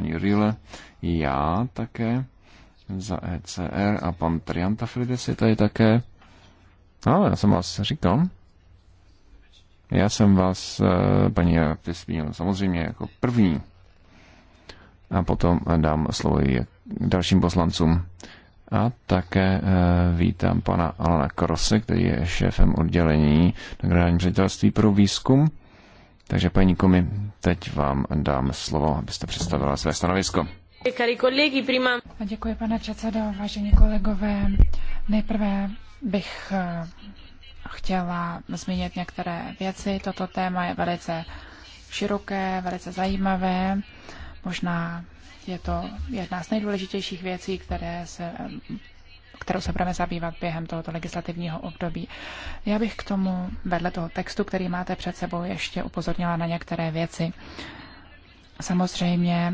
paní Rile, já také za ECR a pan Fridis je tady také. No, já jsem vás říkal. Já jsem vás, eh, paní ty samozřejmě jako první. A potom dám slovo i dalším poslancům. A také eh, vítám pana Alana Krose, který je šéfem oddělení na ředitelství pro výzkum takže paní Komi, teď vám dám slovo, abyste představila své stanovisko. Děkuji, pane předsedo, vážení kolegové. Nejprve bych eh, chtěla zmínit některé věci. Toto téma je velice široké, velice zajímavé. Možná je to jedna z nejdůležitějších věcí, které se kterou se budeme zabývat během tohoto legislativního období. Já bych k tomu vedle toho textu, který máte před sebou, ještě upozornila na některé věci. Samozřejmě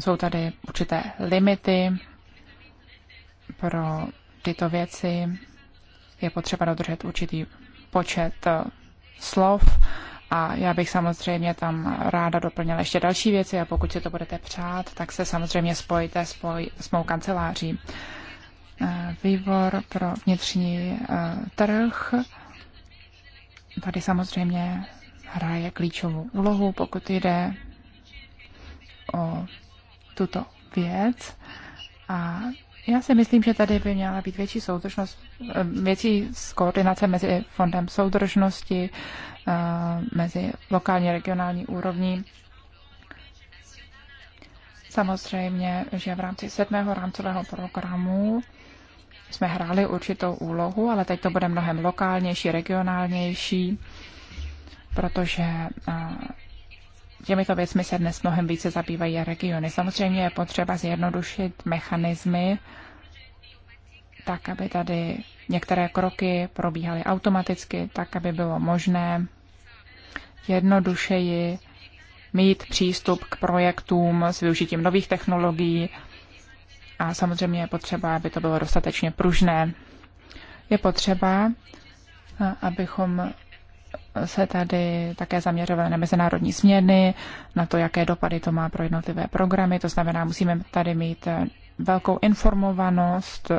jsou tady určité limity pro tyto věci. Je potřeba dodržet určitý počet eh, slov a já bych samozřejmě tam ráda doplnila ještě další věci a pokud si to budete přát, tak se samozřejmě spojte s, mou kanceláří. Eh, výbor pro vnitřní eh, trh. Tady samozřejmě hraje klíčovou úlohu, pokud jde o tuto věc. A já si myslím, že tady by měla být větší soudržnost, eh, větší koordinace mezi fondem soudržnosti, mezi lokální a regionální úrovní. Samozřejmě, že v rámci sedmého rámcového programu jsme hráli určitou úlohu, ale teď to bude mnohem lokálnější, regionálnější, protože těmito věcmi se dnes mnohem více zabývají regiony. Samozřejmě je potřeba zjednodušit mechanismy, tak, aby tady některé kroky probíhaly automaticky, tak, aby bylo možné jednodušeji mít přístup k projektům s využitím nových technologií a samozřejmě je potřeba, aby to bylo dostatečně pružné. Je potřeba, abychom se tady také zaměřovali na mezinárodní směny, na to, jaké dopady to má pro jednotlivé programy. To znamená, musíme tady mít velkou informovanost,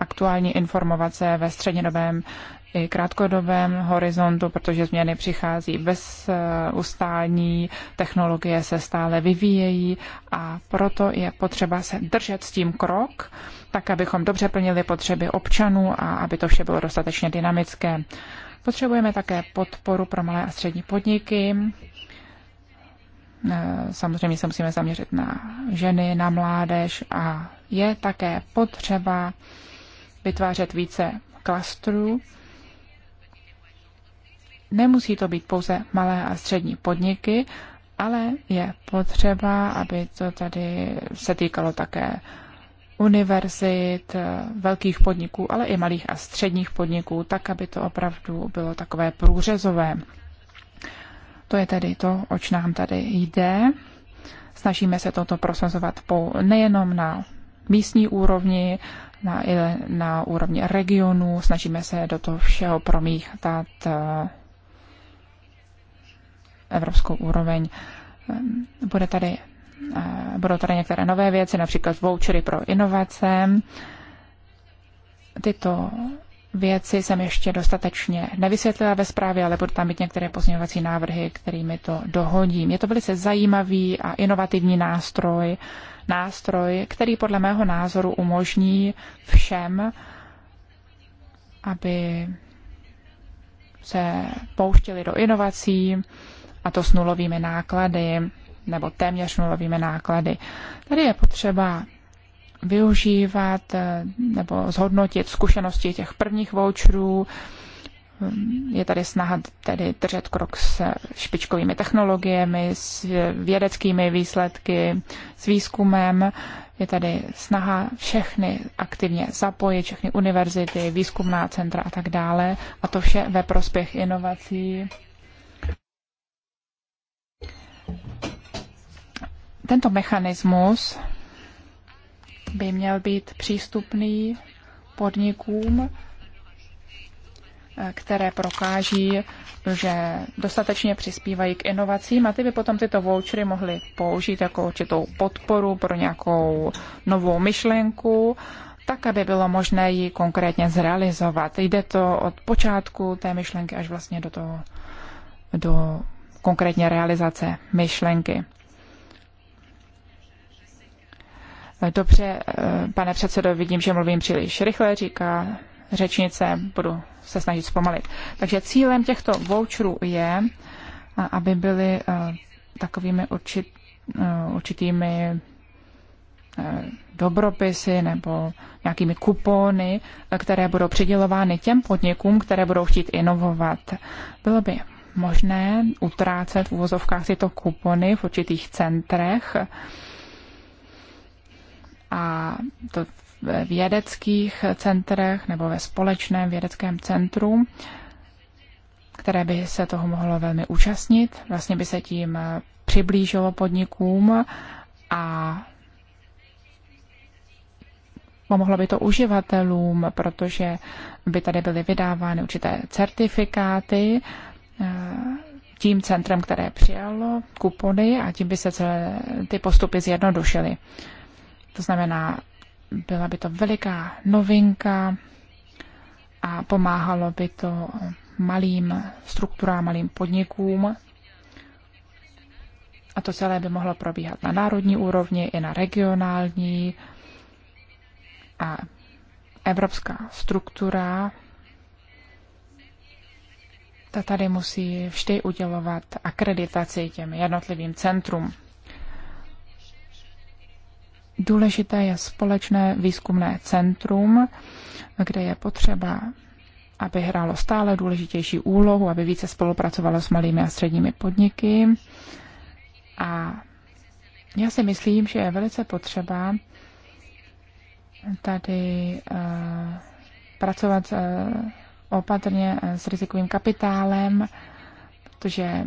aktuální informace ve střednědobém i krátkodobém horizontu, protože změny přichází bez eh, ustání, technologie se stále vyvíjejí a proto je potřeba se držet s tím krok, tak abychom dobře plnili potřeby občanů a aby to vše bylo dostatečně dynamické. Potřebujeme také podporu pro malé a střední podniky. Eh, samozřejmě se musíme zaměřit na ženy, na mládež a je také potřeba vytvářet více klastrů nemusí to být pouze malé a střední podniky, ale je potřeba, aby to tady se týkalo také univerzit, velkých podniků, ale i malých a středních podniků, tak, aby to opravdu bylo takové průřezové. To je tedy to, oč nám tady jde. Snažíme se toto prosazovat nejenom na místní úrovni, na, na úrovni regionu, snažíme se do toho všeho promíchat eh, evropskou úroveň. Ehm, bude tady, eh, budou tady některé nové věci, například vouchery pro inovace. Tyto věci jsem ještě dostatečně nevysvětlila ve zprávě, ale budou tam být některé pozměňovací návrhy, kterými to dohodím. Je to velice zajímavý a inovativní nástroj, nástroj, který podle mého názoru umožní všem, aby se pouštěli do inovací, a to s nulovými náklady, nebo téměř nulovými náklady. Tady je potřeba využívat eh, nebo zhodnotit zkušenosti těch prvních voucherů. Je tady snaha tedy držet krok s špičkovými technologiemi, s vědeckými výsledky, s výzkumem. Je tady snaha všechny aktivně zapojit, všechny univerzity, výzkumná centra a tak dále. A to vše ve prospěch inovací tento mechanismus by měl být přístupný podnikům, eh, které prokáží, že dostatečně přispívají k inovacím a ty by potom tyto vouchery mohly použít jako určitou podporu pro nějakou novou myšlenku, tak, aby bylo možné ji konkrétně zrealizovat. Jde to od počátku té myšlenky až vlastně do toho, do konkrétně realizace myšlenky. Dobře, eh, pane předsedo, vidím, že mluvím příliš rychle, říká řečnice, budu se snažit zpomalit. Takže cílem těchto voucherů je, aby byly eh, takovými určit, eh, určitými dobropisy nebo nějakými kupony, které budou přidělovány těm podnikům, které budou chtít inovovat. Bylo by možné utrácet v uvozovkách tyto kupony v určitých centrech a to ve vědeckých centrech nebo ve společném vědeckém centru, které by se toho mohlo velmi účastnit. Vlastně by se tím přiblížilo podnikům a pomohlo by to uživatelům, protože by tady byly vydávány určité certifikáty Eh, tím centrem, které přijalo kupony a tím by se celé ty postupy zjednodušily. To znamená, byla by to veliká novinka a pomáhalo by to malým strukturám, malým podnikům. A to celé by mohlo probíhat na národní úrovni i na regionální. A evropská struktura tady musí vždy udělovat akreditaci těm jednotlivým centrum. Důležité je společné výzkumné centrum, kde je potřeba, aby hrálo stále důležitější úlohu, aby více spolupracovalo s malými a středními podniky. A já si myslím, že je velice potřeba tady uh, pracovat uh, opatrně eh, s rizikovým kapitálem, protože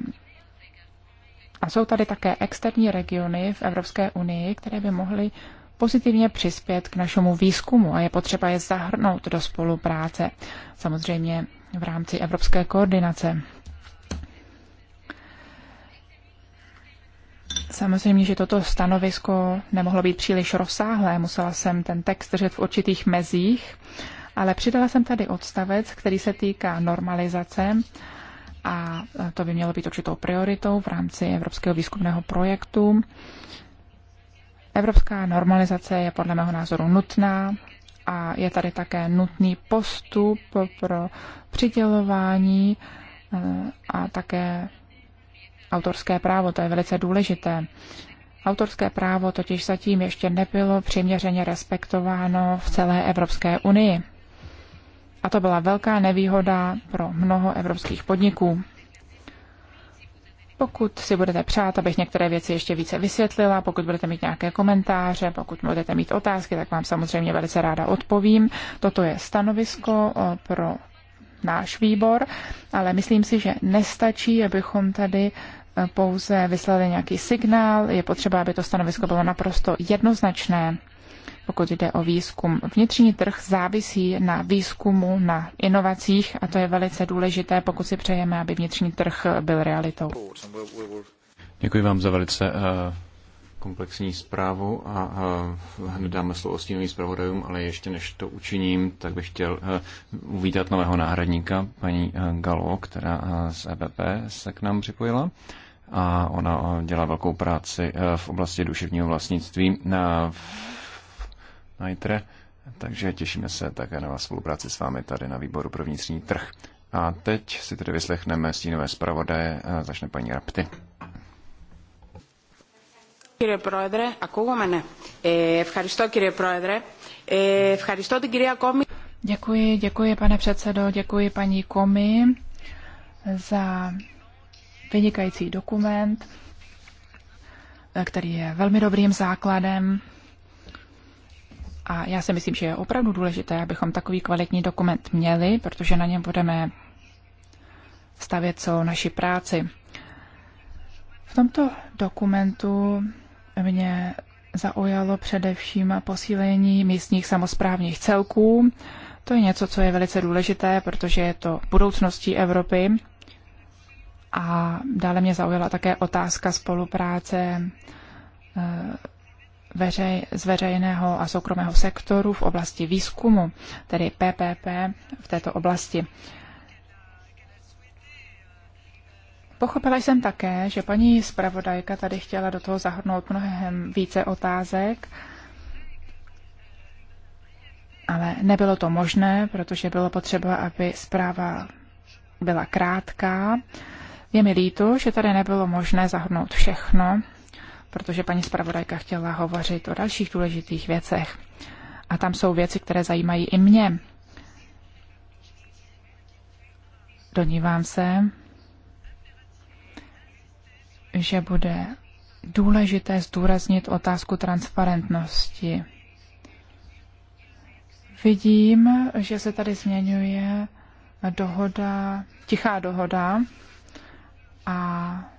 a jsou tady také externí regiony v Evropské unii, které by mohly pozitivně přispět k našemu výzkumu a je potřeba je zahrnout do spolupráce, samozřejmě v rámci evropské koordinace. Samozřejmě, že toto stanovisko nemohlo být příliš rozsáhlé, musela jsem ten text držet v určitých mezích ale přidala jsem tady odstavec, který se týká normalizace a to by mělo být určitou prioritou v rámci Evropského výzkumného projektu. Evropská normalizace je podle mého názoru nutná a je tady také nutný postup pro přidělování eh, a také autorské právo, to je velice důležité. Autorské právo totiž zatím ještě nebylo přiměřeně respektováno v celé Evropské unii. A to byla velká nevýhoda pro mnoho evropských podniků. Pokud si budete přát, abych některé věci ještě více vysvětlila, pokud budete mít nějaké komentáře, pokud budete mít otázky, tak vám samozřejmě velice ráda odpovím. Toto je stanovisko pro náš výbor, ale myslím si, že nestačí, abychom tady e, pouze vyslali nějaký signál. Je potřeba, aby to stanovisko bylo naprosto jednoznačné pokud jde o výzkum. Vnitřní trh závisí na výzkumu, na inovacích a to je velice důležité, pokud si přejeme, aby vnitřní trh byl realitou. Děkuji vám za velice eh, komplexní zprávu a eh, hned dáme slovo stínovým zpravodajům, ale ještě než to učiním, tak bych chtěl eh, uvítat nového náhradníka, paní Galo, která z EPP se k nám připojila a ona dělá velkou práci v oblasti duševního vlastnictví na ITRE, takže těšíme se také na vás spolupráci s vámi tady na výboru pro vnitřní trh. A teď si tedy vyslechneme stínové zpravodaje, začne paní Rapty. Κύριε Πρόεδρε, ακούγομαι, ναι. Ε, ευχαριστώ κύριε Πρόεδρε. Ε, ευχαριστώ την κυρία Κόμη. Děkuji, děkuji pane předsedo, děkuji paní Komi za vynikající dokument, který je velmi dobrým základem a já si myslím, že je opravdu důležité, abychom takový kvalitní dokument měli, protože na něm budeme stavět celou naši práci. V tomto dokumentu mě zaujalo především posílení místních samozprávních celků. To je něco, co je velice důležité, protože je to budoucností Evropy. A dále mě zaujala také otázka spolupráce eh, veřej, z veřejného a soukromého sektoru v oblasti výzkumu, tedy PPP v této oblasti. Pochopila jsem také, že paní zpravodajka tady chtěla do toho zahrnout mnohem více otázek, ale nebylo to možné, protože bylo potřeba, aby zpráva byla krátká. Je mi líto, že tady nebylo možné zahrnout všechno, protože paní zpravodajka chtěla hovořit o dalších důležitých věcech. A tam jsou věci, které zajímají i mě. Donívám se, že bude důležité zdůraznit otázku transparentnosti. Vidím, že se tady změňuje dohoda, tichá dohoda a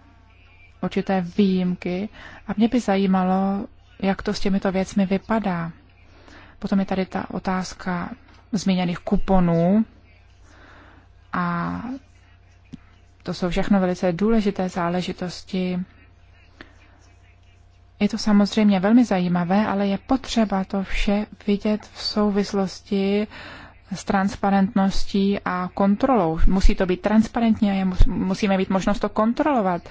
určité výjimky a mě by zajímalo, jak to s těmito věcmi vypadá. Potom je tady ta otázka zmíněných kuponů a to jsou všechno velice důležité záležitosti. Je to samozřejmě velmi zajímavé, ale je potřeba to vše vidět v souvislosti s transparentností a kontrolou. Musí to být transparentní a je, musíme mít možnost to kontrolovat.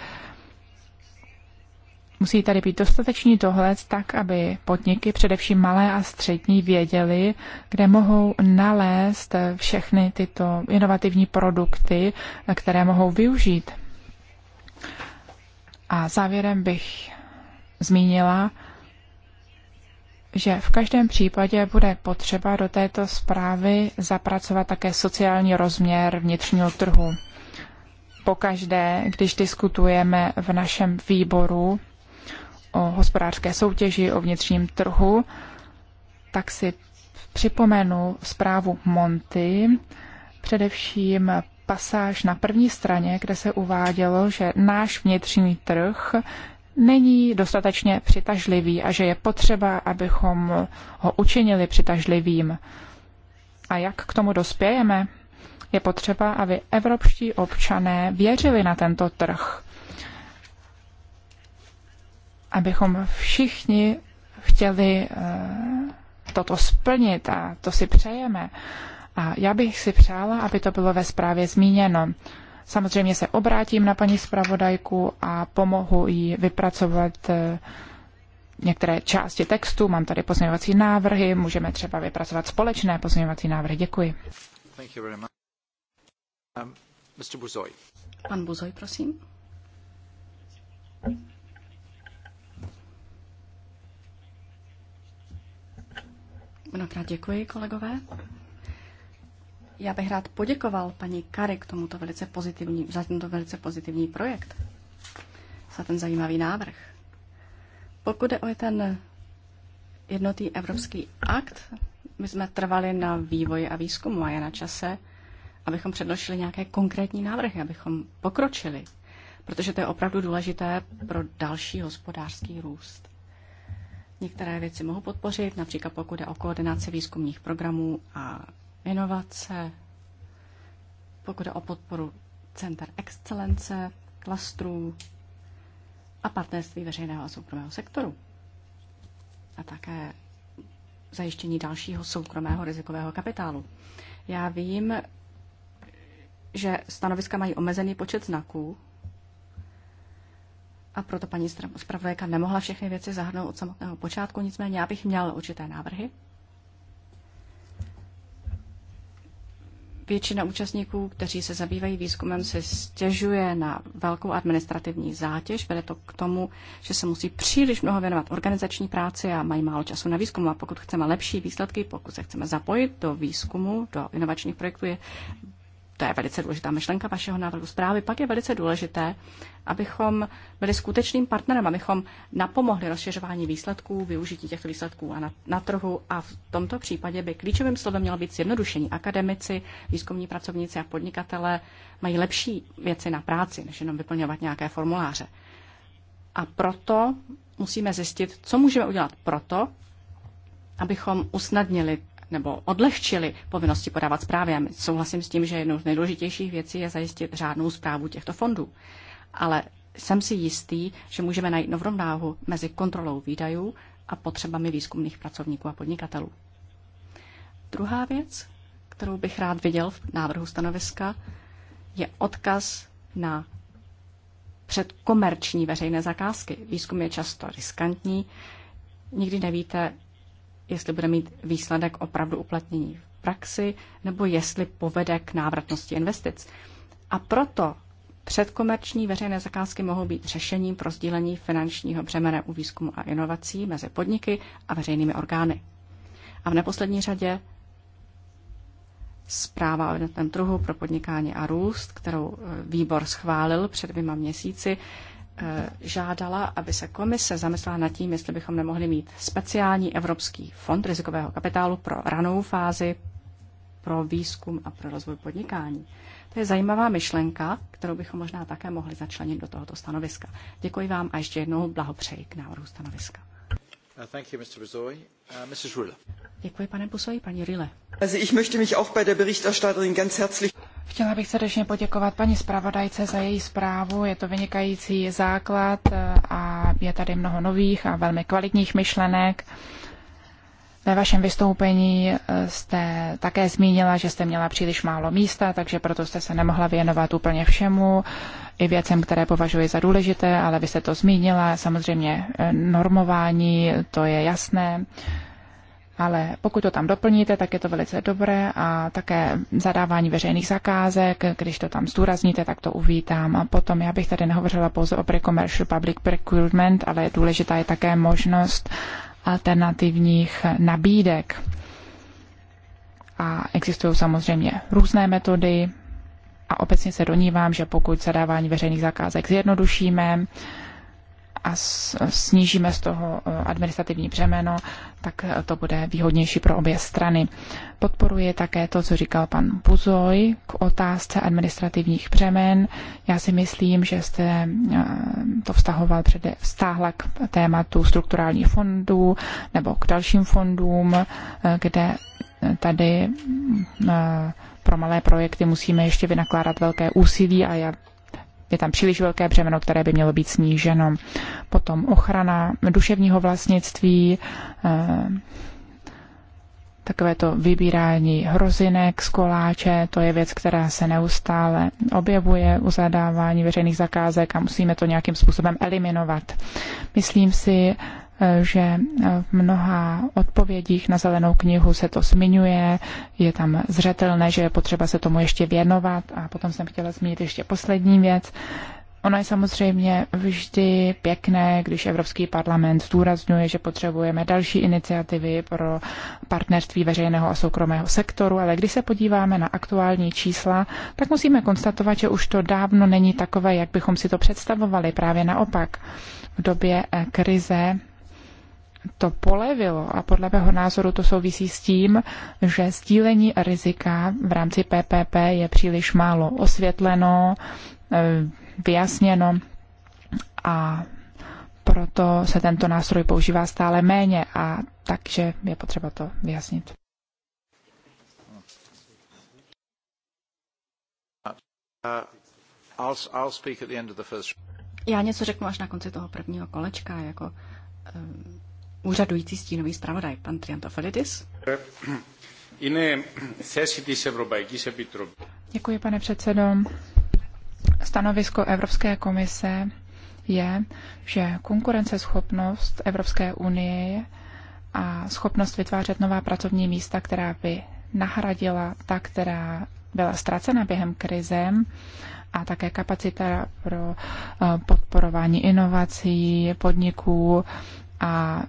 Musí tady být dostatečný dohled tak, aby podniky, především malé a střední, věděly, kde mohou nalézt všechny tyto inovativní produkty, které mohou využít. A závěrem bych zmínila, že v každém případě bude potřeba do této zprávy zapracovat také sociální rozměr vnitřního trhu. Pokaždé, když diskutujeme v našem výboru o hospodářské soutěži, o vnitřním trhu, tak si připomenu zprávu Monty, především pasáž na první straně, kde se uvádělo, že náš vnitřní trh není dostatečně přitažlivý a že je potřeba, abychom ho učinili přitažlivým. A jak k tomu dospějeme? Je potřeba, aby evropští občané věřili na tento trh abychom všichni chtěli eh, toto splnit a to si přejeme. A já bych si přála, aby to bylo ve zprávě zmíněno. Samozřejmě se obrátím na paní zpravodajku a pomohu jí vypracovat eh, některé části textu. Mám tady pozměňovací návrhy, můžeme třeba vypracovat společné pozměňovací návrhy. Děkuji. Thank you very much. Um, Mr. Buzoy. Pan Buzoj, prosím. Mnohokrát děkuji, kolegové. Já bych rád poděkoval paní Kary k tomuto velice pozitivní, za tento velice pozitivní projekt, za ten zajímavý návrh. Pokud je o ten jednotý evropský akt, my jsme trvali na vývoji a výzkumu a je na čase, abychom předložili nějaké konkrétní návrhy, abychom pokročili, protože to je opravdu důležité pro další hospodářský růst. Některé věci mohu podpořit, například pokud je o koordinaci výzkumních programů a inovace, pokud je o podporu center excelence, klastrů a partnerství veřejného a soukromého sektoru. A také zajištění dalšího soukromého rizikového kapitálu. Já vím, že stanoviska mají omezený počet znaků, a proto paní zpravodajka nemohla všechny věci zahrnout od samotného počátku, nicméně já bych měl určité návrhy. Většina účastníků, kteří se zabývají výzkumem, se stěžuje na velkou administrativní zátěž. Vede to k tomu, že se musí příliš mnoho věnovat organizační práci a mají málo času na výzkum. A pokud chceme lepší výsledky, pokud se chceme zapojit do výzkumu, do inovačních projektů, je to je velice důležitá myšlenka vašeho návrhu zprávy, pak je velice důležité, abychom byli skutečným partnerem, abychom napomohli rozšiřování výsledků, využití těchto výsledků a na, na trhu a v tomto případě by klíčovým slovem mělo být zjednodušení. Akademici, výzkumní pracovníci a podnikatele mají lepší věci na práci, než jenom vyplňovat nějaké formuláře. A proto musíme zjistit, co můžeme udělat proto, abychom usnadnili nebo odlehčili povinnosti podávat zprávy. Já souhlasím s tím, že jednou z nejdůležitějších věcí je zajistit řádnou zprávu těchto fondů. Ale jsem si jistý, že můžeme najít novou rovnáhu mezi kontrolou výdajů a potřebami výzkumných pracovníků a podnikatelů. Druhá věc, kterou bych rád viděl v návrhu stanoviska, je odkaz na předkomerční veřejné zakázky. Výzkum je často riskantní, nikdy nevíte, jestli bude mít výsledek opravdu uplatnění v praxi, nebo jestli povede k návratnosti investic. A proto Předkomerční veřejné zakázky mohou být řešením pro sdílení finančního břemene u výzkumu a inovací mezi podniky a veřejnými orgány. A v neposlední řadě zpráva o jednotném trhu pro podnikání a růst, kterou e, výbor schválil před dvěma měsíci, Eh, žádala, aby se komise zamyslela nad tím, jestli bychom nemohli mít speciální Evropský fond rizikového kapitálu pro ranou fázi, pro výzkum a pro rozvoj podnikání. To je zajímavá myšlenka, kterou bychom možná také mohli začlenit do tohoto stanoviska. Děkuji vám a ještě jednou blahopřeji k návrhu stanoviska. Uh, thank you, Mr. Uh, Mrs. Děkuji, pane Busoy, paní Rille. Also ich möchte mich auch bei der Berichterstatterin ganz herzlich Chtěla bych srdečně poděkovat paní zpravodajce za její zprávu. Je to vynikající základ eh, a je tady mnoho nových a velmi kvalitních myšlenek. Ve vašem vystoupení eh, jste také zmínila, že jste měla příliš málo místa, takže proto jste se nemohla věnovat úplně všemu, i věcem, které považuji za důležité, ale vy jste to zmínila. Samozřejmě eh, normování, to je jasné ale pokud to tam doplníte, tak je to velice dobré a také zadávání veřejných zakázek, když to tam zdůrazníte, tak to uvítám. A potom já bych tady nehovořila pouze o pre-commercial public procurement, ale je důležitá je také možnost alternativních nabídek. A existují samozřejmě různé metody a obecně se donívám, že pokud zadávání veřejných zakázek zjednodušíme, a snížíme z toho eh, administrativní břemeno, tak eh, to bude výhodnější pro obě strany. Podporuje také to, co říkal pan Buzoj k otázce administrativních břemen. Já si myslím, že jste eh, to vztahoval přede, vztáhla k tématu strukturálních fondů nebo k dalším fondům, kde tady pro malé projekty musíme ještě vynakládat velké úsilí a já je tam příliš velké břemeno, které by mělo být sníženo. Potom ochrana duševního vlastnictví, eh, takové to vybírání hrozinek z koláče, to je věc, která se neustále objevuje u zadávání veřejných zakázek a musíme to nějakým způsobem eliminovat. Myslím si, že v mnoha odpovědích na zelenou knihu se to zmiňuje, je tam zřetelné, že je potřeba se tomu ještě věnovat a potom jsem chtěla zmínit ještě poslední věc. Ono je samozřejmě vždy pěkné, když Evropský parlament zdůrazňuje, že potřebujeme další iniciativy pro partnerství veřejného a soukromého sektoru, ale když se podíváme na aktuální čísla, tak musíme konstatovat, že už to dávno není takové, jak bychom si to představovali, právě naopak. V době krize to polevilo a podle mého názoru to souvisí s tím, že sdílení rizika v rámci PPP je příliš málo osvětleno, eh, vyjasněno a proto se tento nástroj používá stále méně a takže je potřeba to vyjasnit. Uh, Já něco řeknu až na konci toho prvního kolečka, jako eh, úřadující stínový zpravodaj, pan Triantafilidis. Děkuji, pane předsedo. Stanovisko Evropské komise je, že konkurenceschopnost Evropské unie a schopnost vytvářet nová pracovní místa, která by nahradila ta, která byla ztracena během krize, a také kapacita pro eh, podporování inovací, podniků a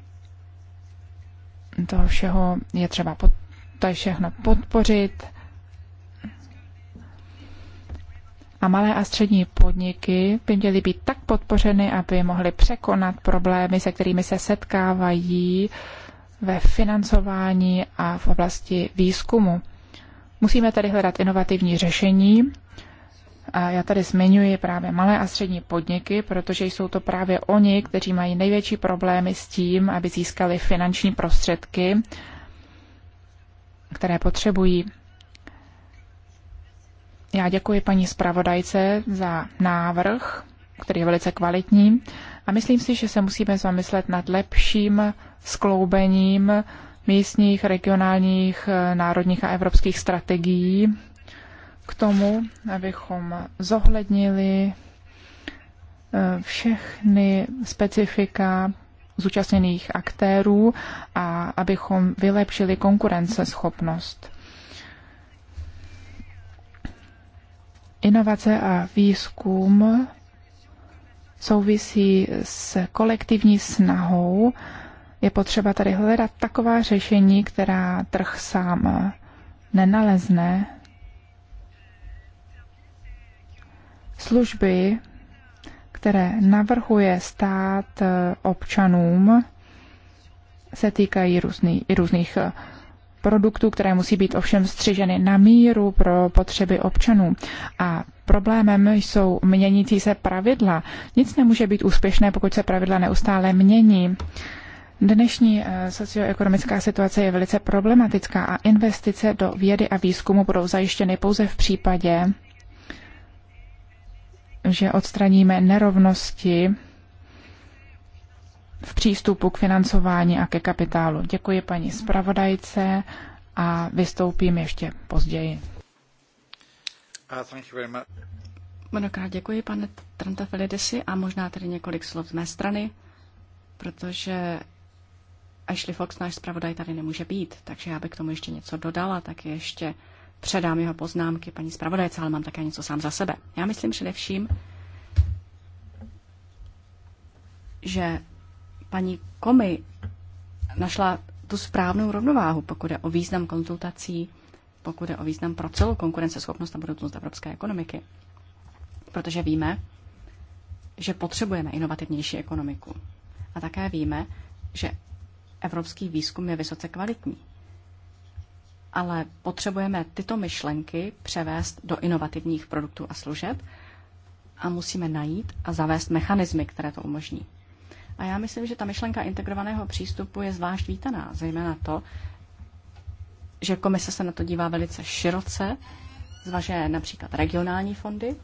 toho všeho je třeba pod, to je všechno podpořit. A malé a střední podniky by měly být tak podpořeny, aby mohly překonat problémy, se kterými se setkávají ve financování a v oblasti výzkumu. Musíme tedy hledat inovativní řešení já tady zmiňuji právě malé a střední podniky, protože jsou to právě oni, kteří mají největší problémy s tím, aby získali finanční prostředky, které potřebují. Já děkuji paní zpravodajce za návrh, který je velice kvalitní a myslím si, že se musíme zamyslet nad lepším skloubením místních, regionálních, eh, národních a evropských strategií k tomu, abychom zohlednili eh, všechny specifika zúčastněných aktérů a abychom vylepšili konkurenceschopnost. Inovace a výzkum souvisí s kolektivní snahou. Je potřeba tady hledat taková řešení, která trh sám nenalezne, Služby, které navrhuje stát eh, občanům, se týkají různý, i různých eh, produktů, které musí být ovšem střiženy na míru pro potřeby občanů. A problémem jsou měnící se pravidla. Nic nemůže být úspěšné, pokud se pravidla neustále mění. Dnešní eh, socioekonomická situace je velice problematická a investice do vědy a výzkumu budou zajištěny pouze v případě, že odstraníme nerovnosti v přístupu k financování a ke kapitálu. Děkuji paní zpravodajce a vystoupím ještě později. Uh, Mnohokrát děkuji, pane Trantafelidesi, a možná tady několik slov z mé strany, protože Ashley Fox, náš zpravodaj, tady nemůže být, takže já bych k tomu ještě něco dodala, tak ještě předám jeho poznámky paní zpravodajce, ale mám také něco sám za sebe. Já myslím především, že paní Komy našla tu správnou rovnováhu, pokud je o význam konzultací, pokud je o význam pro celou konkurenceschopnost a budoucnost evropské ekonomiky. Protože víme, že potřebujeme inovativnější ekonomiku. A také víme, že evropský výzkum je vysoce kvalitní ale potřebujeme tyto myšlenky převést do inovativních produktů a služeb a musíme najít a zavést mechanismy, které to umožní. A já myslím, že ta myšlenka integrovaného přístupu je zvlášť vítaná, zejména to, že komise se na to dívá velice široce, zvažuje například regionální fondy,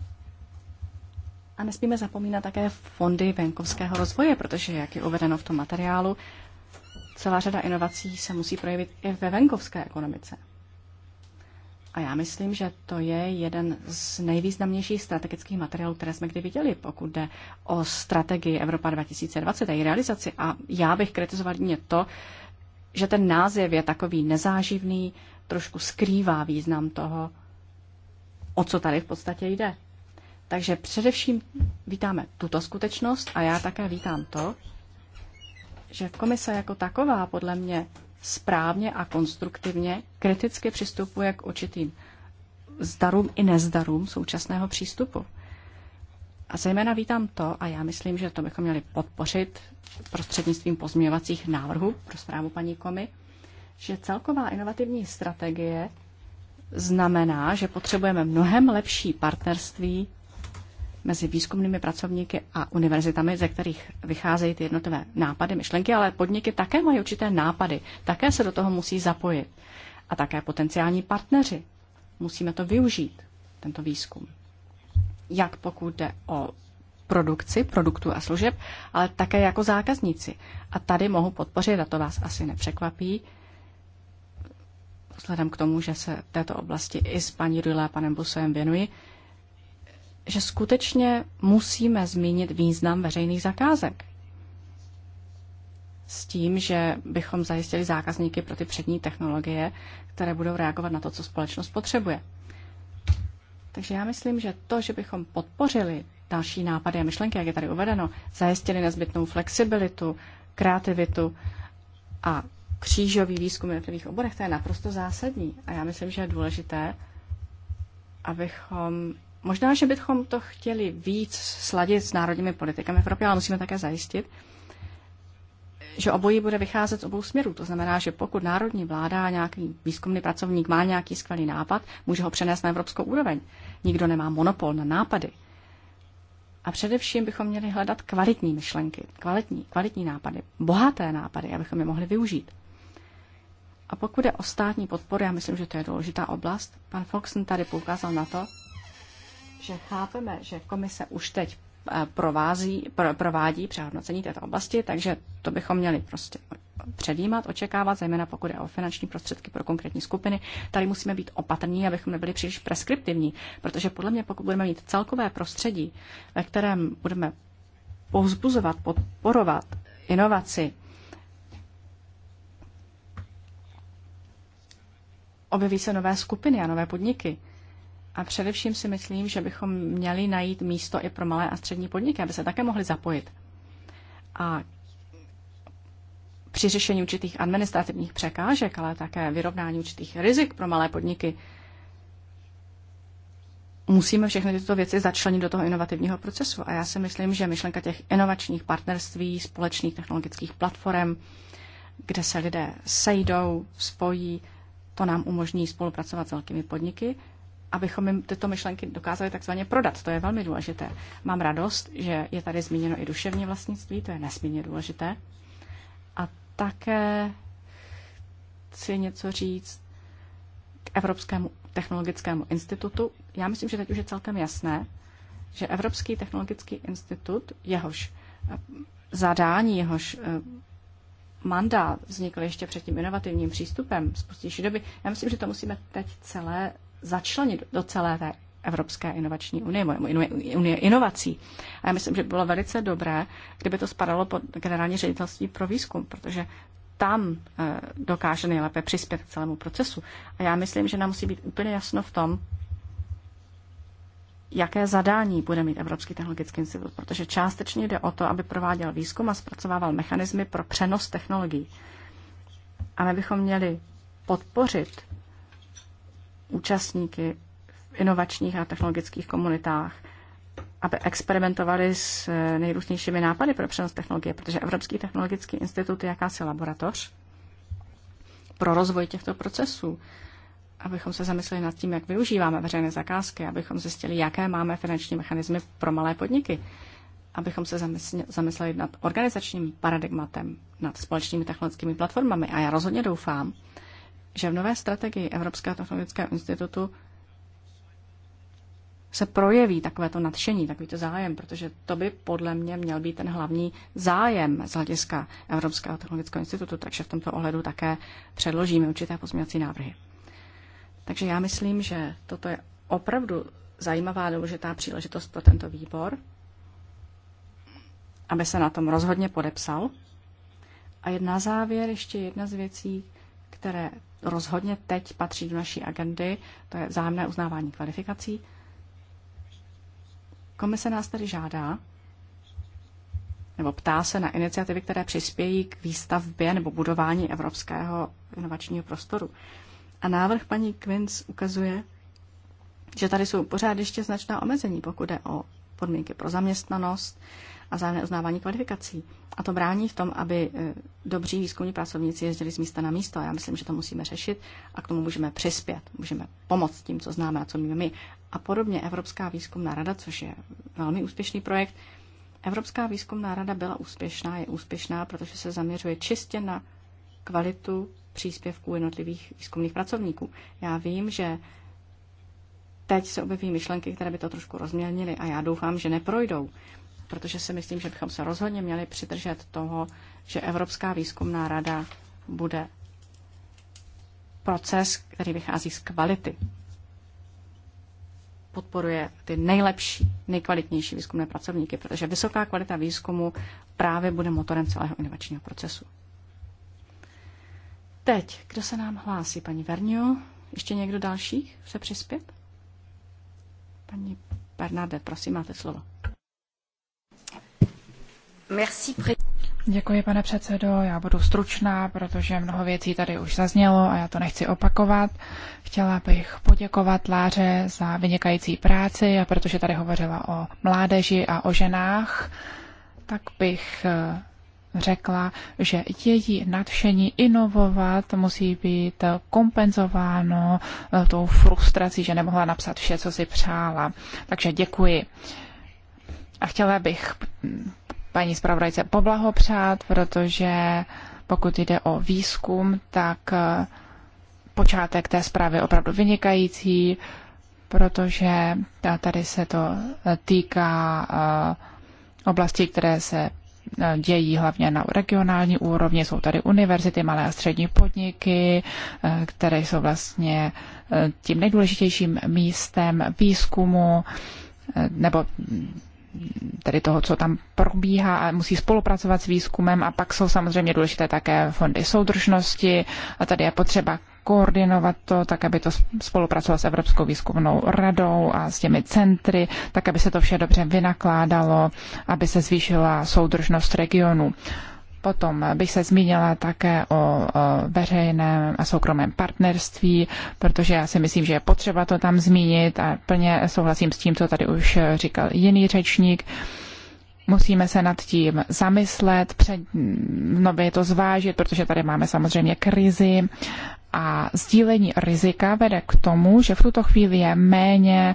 a nesmíme zapomínat také fondy venkovského rozvoje, protože, jak je uvedeno v tom materiálu, Celá řada inovací se musí projevit i ve venkovské ekonomice. A já myslím, že to je jeden z nejvýznamnějších strategických materiálů, které jsme kdy viděli, pokud jde o strategii Evropa 2020 a její realizaci. A já bych kritizoval mě to, že ten název je takový nezáživný, trošku skrývá význam toho, o co tady v podstatě jde. Takže především vítáme tuto skutečnost a já také vítám to, že komise jako taková podle mě správně a konstruktivně kriticky přistupuje k určitým zdarům i nezdarům současného přístupu. A zejména vítám to, a já myslím, že to bychom měli podpořit prostřednictvím pozměňovacích návrhů pro zprávu paní Komy, že celková inovativní strategie znamená, že potřebujeme mnohem lepší partnerství mezi výzkumnými pracovníky a univerzitami, ze kterých vycházejí ty jednotlivé nápady, myšlenky, ale podniky také mají určité nápady, také se do toho musí zapojit. A také potenciální partneři. Musíme to využít, tento výzkum. Jak pokud jde o produkci, produktů a služeb, ale také jako zákazníci. A tady mohu podpořit, a to vás asi nepřekvapí, vzhledem k tomu, že se této oblasti i s paní Rulé a panem Busovem věnuji, že skutečně musíme zmínit význam veřejných zakázek. S tím, že bychom zajistili zákazníky pro ty přední technologie, které budou reagovat na to, co společnost potřebuje. Takže já myslím, že to, že bychom podpořili další nápady a myšlenky, jak je tady uvedeno, zajistili nezbytnou flexibilitu, kreativitu a křížový výzkum v jednotlivých oborech, to je naprosto zásadní. A já myslím, že je důležité, abychom Možná, že bychom to chtěli víc sladit s národními politikami Evropy, ale musíme také zajistit, že obojí bude vycházet z obou směrů. To znamená, že pokud národní vláda a nějaký výzkumný pracovník má nějaký skvělý nápad, může ho přenést na evropskou úroveň. Nikdo nemá monopol na nápady. A především bychom měli hledat kvalitní myšlenky, kvalitní, kvalitní nápady, bohaté nápady, abychom je mohli využít. A pokud je o státní podporu, já myslím, že to je důležitá oblast. Pan Foxen tady poukázal na to, že chápeme, že komise už teď eh, provází, provádí přehodnocení této oblasti, takže to bychom měli prostě předjímat, očekávat, zejména pokud je o finanční prostředky pro konkrétní skupiny. Tady musíme být opatrní, abychom nebyli příliš preskriptivní, protože podle mě, pokud budeme mít celkové prostředí, ve kterém budeme povzbuzovat, podporovat inovaci, objeví se nové skupiny a nové podniky, a především si myslím, že bychom měli najít místo i pro malé a střední podniky, aby se také mohli zapojit. A při řešení určitých administrativních překážek, ale také vyrovnání určitých rizik pro malé podniky, musíme všechny tyto věci začlenit do toho inovativního procesu. A já si myslím, že myšlenka těch inovačních partnerství, společných technologických platform, kde se lidé sejdou, spojí, to nám umožní spolupracovat s velkými podniky abychom jim tyto myšlenky dokázali takzvaně prodat. To je velmi důležité. Mám radost, že je tady zmíněno i duševní vlastnictví, to je nesmírně důležité. A také chci něco říct k Evropskému technologickému institutu. Já myslím, že teď už je celkem jasné, že Evropský technologický institut, jehož eh, zadání, jehož eh, mandát vznikl ještě před tím inovativním přístupem z pozdější doby. Já myslím, že to musíme teď celé začlenit do celé té Evropské inovační unie, unie inovací. A já myslím, že by bylo velice dobré, kdyby to spadalo pod generální ředitelství pro výzkum, protože tam eh, dokáže nejlépe přispět k celému procesu. A já myslím, že nám musí být úplně jasno v tom, jaké zadání bude mít Evropský technologický institut, protože částečně jde o to, aby prováděl výzkum a zpracovával mechanismy pro přenos technologií. A my bychom měli podpořit účastníky v inovačních a technologických komunitách, aby experimentovali s eh, nejrůznějšími nápady pro přenos technologie, protože Evropský technologický institut je jakási laboratoř pro rozvoj těchto procesů, abychom se zamysleli nad tím, jak využíváme veřejné zakázky, abychom zjistili, jaké máme finanční mechanismy pro malé podniky, abychom se zamysleli nad organizačním paradigmatem, nad společnými technologickými platformami. A já rozhodně doufám, že v nové strategii Evropského technologického institutu se projeví takovéto nadšení, takovýto zájem, protože to by podle mě měl být ten hlavní zájem z hlediska Evropského technologického institutu, takže v tomto ohledu také předložíme určité pozměňovací návrhy. Takže já myslím, že toto je opravdu zajímavá důležitá příležitost pro tento výbor, aby se na tom rozhodně podepsal. A jedna závěr, ještě jedna z věcí, které rozhodně teď patří do naší agendy, to je vzájemné uznávání kvalifikací. Komise nás tedy žádá, nebo ptá se na iniciativy, které přispějí k výstavbě nebo budování evropského inovačního prostoru. A návrh paní Quince ukazuje, že tady jsou pořád ještě značná omezení, pokud jde o podmínky pro zaměstnanost, a vzájemné uznávání kvalifikací. A to brání v tom, aby eh, dobří výzkumní pracovníci jezdili z místa na místo. A já myslím, že to musíme řešit a k tomu můžeme přispět. Můžeme pomoct tím, co známe a co víme my. A podobně Evropská výzkumná rada, což je velmi úspěšný projekt, Evropská výzkumná rada byla úspěšná, je úspěšná, protože se zaměřuje čistě na kvalitu příspěvků jednotlivých výzkumných pracovníků. Já vím, že teď se objeví myšlenky, které by to trošku rozmělnily a já doufám, že neprojdou protože si myslím, že bychom se rozhodně měli přidržet toho, že Evropská výzkumná rada bude proces, který vychází z kvality. Podporuje ty nejlepší, nejkvalitnější výzkumné pracovníky, protože vysoká kvalita výzkumu právě bude motorem celého inovačního procesu. Teď, kdo se nám hlásí, paní Vernio? Ještě někdo další chce přispět? Paní Bernadette, prosím, máte slovo. Děkuji, pane předsedo. Já budu stručná, protože mnoho věcí tady už zaznělo a já to nechci opakovat. Chtěla bych poděkovat Láře za vynikající práci a protože tady hovořila o mládeži a o ženách, tak bych eh, řekla, že její nadšení inovovat musí být kompenzováno eh, tou frustrací, že nemohla napsat vše, co si přála. Takže děkuji. A chtěla bych paní zpravodajce poblahopřát, protože pokud jde o výzkum, tak eh, počátek té zprávy je opravdu vynikající, protože tady se to eh, týká eh, oblastí, které se dějí hlavně na regionální úrovni. Jsou tady univerzity, malé a střední podniky, které jsou vlastně tím nejdůležitějším místem výzkumu nebo tedy toho, co tam probíhá a musí spolupracovat s výzkumem a pak jsou samozřejmě důležité také fondy soudržnosti a tady je potřeba koordinovat to, tak aby to spolupracovalo s Evropskou výzkumnou radou a s těmi centry, tak aby se to vše dobře vynakládalo, aby se zvýšila soudržnost regionu. Potom bych se zmínila také o veřejném a soukromém partnerství, protože já si myslím, že je potřeba to tam zmínit a plně souhlasím s tím, co tady už říkal jiný řečník. Musíme se nad tím zamyslet, před, nově to zvážit, protože tady máme samozřejmě krizi a sdílení rizika vede k tomu, že v tuto chvíli je méně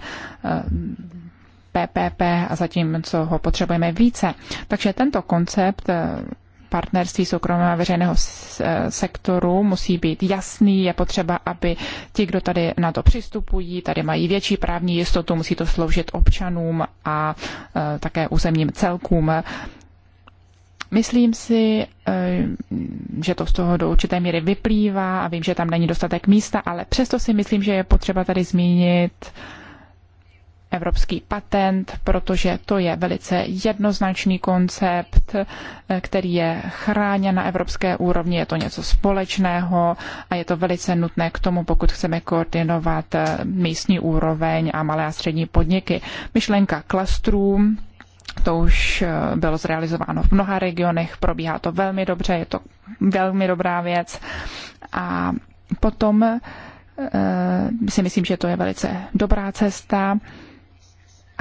PPP eh, a co ho potřebujeme více. Takže tento koncept eh, partnerství soukromého a veřejného eh, sektoru musí být jasný. Je potřeba, aby ti, kdo tady na to přistupují, tady mají větší právní jistotu, musí to sloužit občanům a eh, také územním celkům. Myslím si, eh, že to z toho do určité míry vyplývá a vím, že tam není dostatek místa, ale přesto si myslím, že je potřeba tady zmínit evropský patent, protože to je velice jednoznačný koncept, eh, který je chráněn na evropské úrovni, je to něco společného a je to velice nutné k tomu, pokud chceme koordinovat eh, místní úroveň a malé a střední podniky. Myšlenka klastrů, to už eh, bylo zrealizováno v mnoha regionech, probíhá to velmi dobře, je to velmi dobrá věc. A potom si myslím, že to je velice dobrá cesta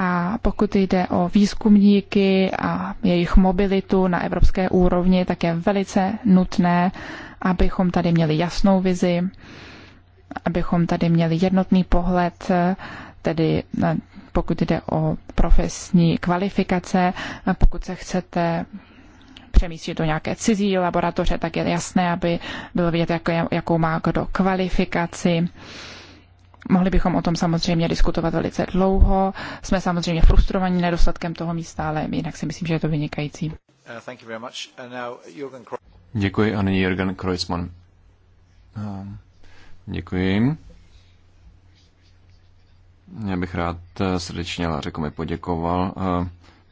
a pokud jde o výzkumníky a jejich mobilitu na evropské úrovni, tak je velice nutné, abychom tady měli jasnou vizi, abychom tady měli jednotný pohled, tedy eh, pokud jde o profesní kvalifikace, pokud se chcete přemístit do nějaké cizí laboratoře, tak je jasné, aby bylo vidět, jakou má kdo kvalifikaci Mohli bychom o tom samozřejmě diskutovat velice dlouho. Jsme samozřejmě frustrovaní nedostatkem toho místa, ale jinak si myslím, že je to vynikající. Uh, děkuji a nyní Jürgen Kreuzmann. Uh, děkuji. Já bych rád uh, srdečně, ale řekl mi poděkoval,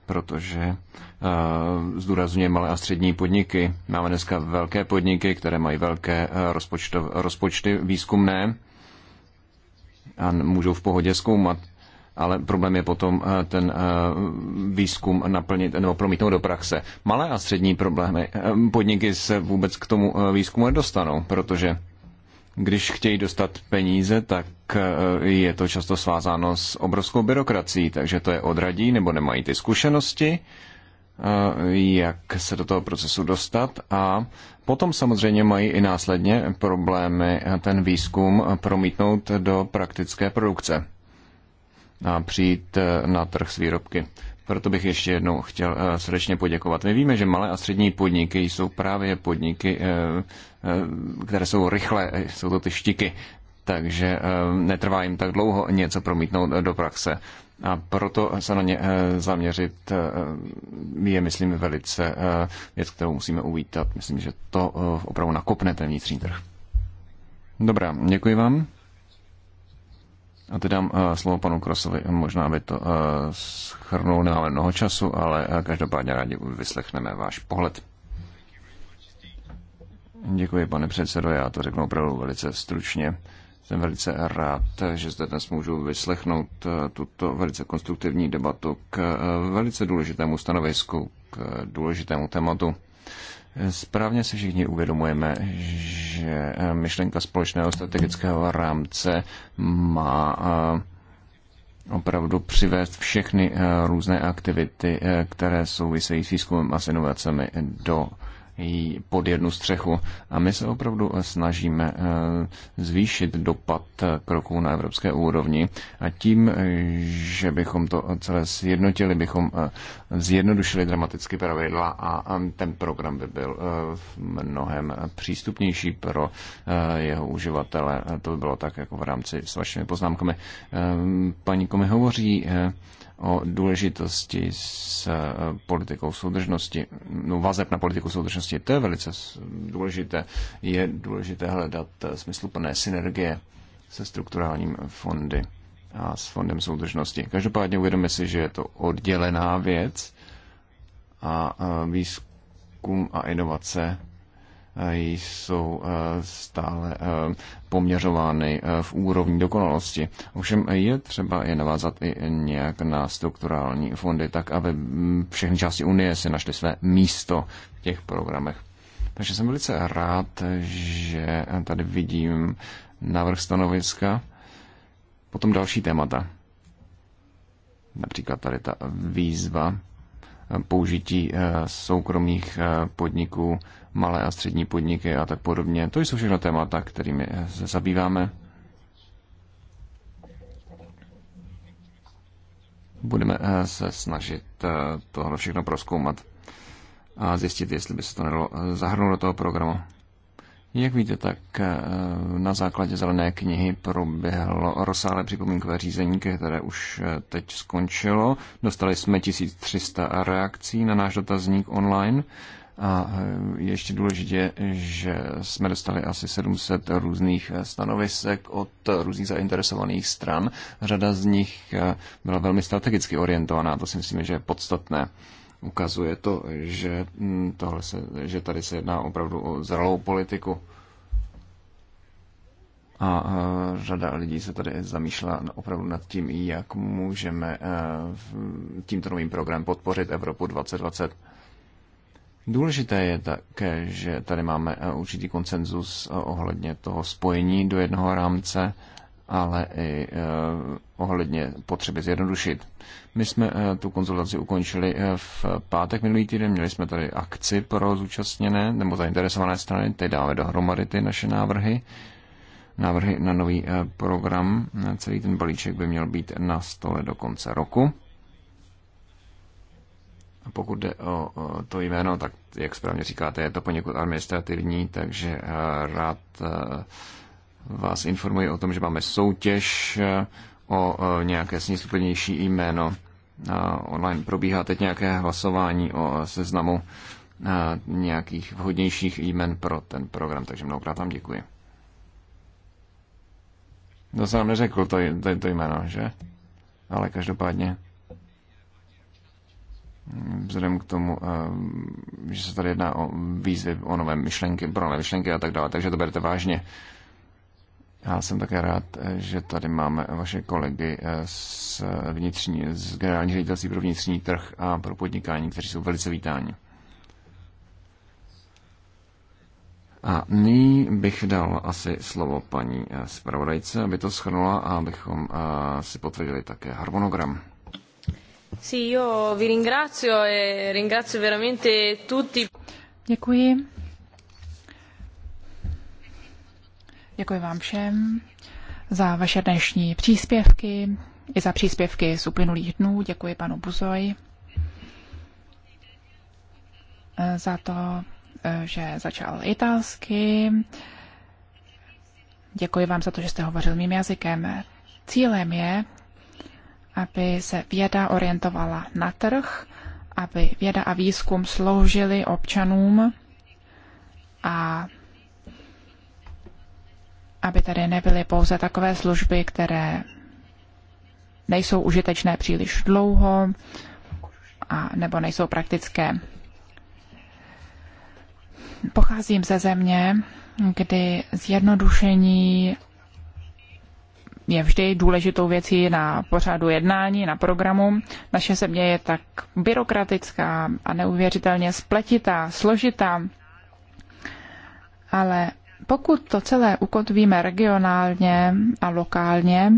protože zdůrazňuje malé a střední podniky. Máme dneska velké podniky, které mají velké rozpočty výzkumné a můžou v pohodě zkoumat. Ale problém je potom eh, ten eh, výzkum naplnit nebo promítnout do praxe. Malé a střední problémy, eh, podniky se vůbec k tomu výzkumu nedostanou, protože když chtějí dostat peníze, tak je to často svázáno s obrovskou byrokracií, takže to je odradí nebo nemají ty zkušenosti jak se do toho procesu dostat a potom samozřejmě mají i následně problémy ten výzkum promítnout do praktické produkce a přijít e, na trh s výrobky. Proto bych ještě jednou chtěl e, srdečně poděkovat. My víme, že malé a střední podniky jsou právě podniky, e, které jsou rychlé, jsou to ty štiky, takže netrvá jim tak dlouho něco promítnout do praxe a proto se na ně eh, zaměřit eh, je, myslím, velice eh, věc, kterou musíme uvítat. Myslím, že to opravdu nakopne ten vnitřní trh. Dobrá, děkuji vám. A teď dám slovo panu Krosovi, možná by to schrnul, nemáme mnoho času, ale každopádně rádi vyslechneme váš pohled. Děkuji, pane předsedo, já to řeknu opravdu velice stručně. Jsem velice rád, že zde dnes můžu vyslechnout eh, tuto velice konstruktivní debatu k eh, velice důležitému stanovisku, k důležitému tématu. Správně si všichni uvědomujeme, že eh, myšlenka společného strategického rámce má opravdu přivést všechny různé aktivity, které souvisejí s výzkumem a s inovacemi do pod jednu střechu. A my se opravdu snažíme eh, zvýšit dopad eh, kroků na evropské úrovni a tím, eh, že bychom to celé sjednotili, bychom zjednodušili dramaticky pravidla a ten program by byl mnohem přístupnější pro jeho uživatele. To by bylo tak jako v rámci s vašimi poznámkami. Paní Komi hovoří o důležitosti s eh, politikou soudržnosti, no, vazeb na politiku soudržnosti, to je velice důležité. Je důležité hledat eh, smysluplné synergie se strukturálním fondy a s fondem soudržnosti. Každopádně uvědomíme si, že je to oddělená věc a eh, výzkum a inovace jsou eh, stále eh, poměřovány eh, v úrovni dokonalosti. Ovšem je třeba je navázat i nějak na strukturální fondy, tak aby mm, všechny části Unie si našly své místo v těch programech. Takže jsem velice rád, že tady vidím návrh stanoviska, potom další témata. Například tady ta výzva použití soukromých podniků malé a střední podniky a tak podobně. To jsou všechno témata, kterými se zabýváme. Budeme eh, se snažit eh, tohle všechno proskoumat a zjistit, jestli by se to nedalo eh, zahrnout do toho programu. Jak víte, tak na základě zelené knihy proběhlo rozsáhlé připomínkové řízení, které už teď skončilo. Dostali jsme 1300 reakcí na náš dotazník online a ještě důležitě, že jsme dostali asi 700 různých stanovisek od různých zainteresovaných stran. Řada z nich eh, byla velmi strategicky orientovaná, to si myslím, že je podstatné. Ukazuje to, že, mm, tohle se, že tady se jedná opravdu o zralou politiku. A eh, řada lidí se tady zamýšlela opravdu nad tím, jak můžeme eh, tímto novým programem podpořit Evropu 2020 Důležité je také, že tady máme eh, určitý konsenzus eh, ohledně toho spojení do jednoho rámce, ale i eh, ohledně potřeby zjednodušit. My jsme tu konzultaci ukončili v pátek minulý týden, měli jsme tady akci pro zúčastněné nebo zainteresované strany, teď dáme dohromady ty naše návrhy. Návrhy na nový program, celý ten balíček by měl být na stole do konce roku. Pokud jde o to jméno, tak jak správně říkáte, je to poněkud administrativní, takže eh, rád eh, vás informuji o tom, že máme soutěž eh, o nějaké smysluplnější jméno. Online probíhá teď nějaké hlasování o seznamu nějakých vhodnějších jmen pro ten program, takže mnohokrát vám děkuji. To jsem vám neřekl, to, to, to jméno, že? Ale každopádně vzhledem k tomu, eh, že se tady jedná o výzvy, o nové myšlenky, pro nové myšlenky a tak dále, takže to berte vážně. Já jsem také rád, eh, že tady máme vaše kolegy eh, z, vnitřní, z generální ředitelství pro vnitřní trh a pro podnikání, kteří jsou velice vítáni. A nyní bych dal asi slovo paní zpravodajce, aby to schrnula a abychom si potvrdili také harmonogram. Sì, io vi ringrazio e ringrazio veramente tutti. Děkuji. Děkuji vám všem za vaše dnešní příspěvky i za příspěvky z uplynulých dnů. Děkuji panu Buzoj za to, že začal italsky. Děkuji vám za to, že jste hovořil mým jazykem. Cílem je, aby se věda orientovala na trh, aby věda a výzkum sloužily občanům a aby tady nebyly pouze takové služby, které nejsou užitečné příliš dlouho a nebo nejsou praktické. Pocházím ze země, kdy zjednodušení je vždy důležitou věcí na pořadu jednání, na programu. Naše země je tak byrokratická a neuvěřitelně spletitá, složitá, ale pokud to celé ukotvíme regionálně a lokálně,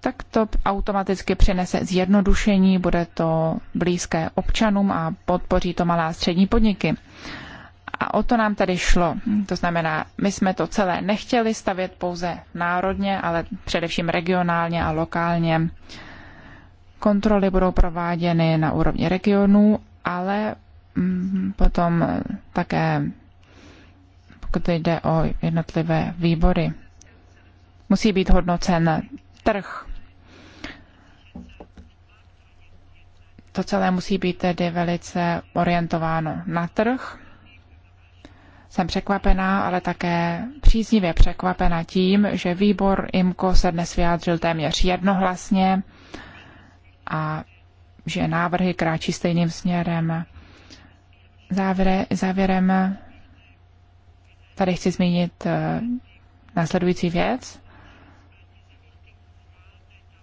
tak to automaticky přinese zjednodušení, bude to blízké občanům a podpoří to malá střední podniky. A o to nám tady šlo. To znamená, my jsme to celé nechtěli stavět pouze národně, ale především regionálně a lokálně. Kontroly budou prováděny na úrovni regionů, ale mm, potom také, pokud jde o jednotlivé výbory, musí být hodnocen trh. To celé musí být tedy velice orientováno na trh jsem překvapená, ale také příznivě překvapená tím, že výbor IMKO se dnes vyjádřil téměř jednohlasně a že návrhy kráčí stejným směrem. Závěre, závěrem tady chci zmínit eh, následující věc.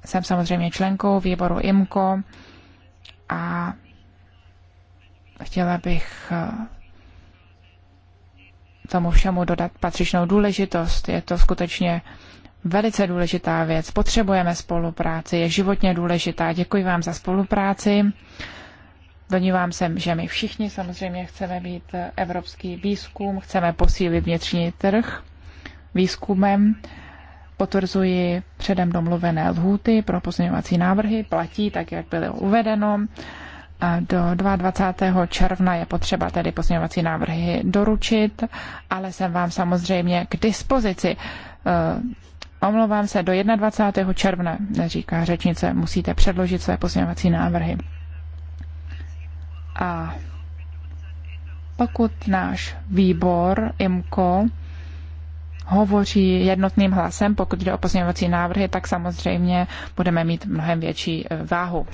Jsem samozřejmě členkou výboru IMKO a chtěla bych eh, tomu všemu dodat patřičnou důležitost. Je to skutečně velice důležitá věc. Potřebujeme spolupráci, je životně důležitá. Děkuji vám za spolupráci. Donívám se, že my všichni samozřejmě chceme být evropský výzkum, chceme posílit vnitřní trh výzkumem. Potvrzuji předem domluvené lhůty pro pozměňovací návrhy, platí tak, jak bylo uvedeno do 22. června je potřeba tedy pozměňovací návrhy doručit, ale jsem vám samozřejmě k dispozici. E, omlouvám se, do 21. června, říká řečnice, musíte předložit své pozměňovací návrhy. A pokud náš výbor IMCO hovoří jednotným hlasem, pokud jde o pozměňovací návrhy, tak samozřejmě budeme mít mnohem větší e, váhu.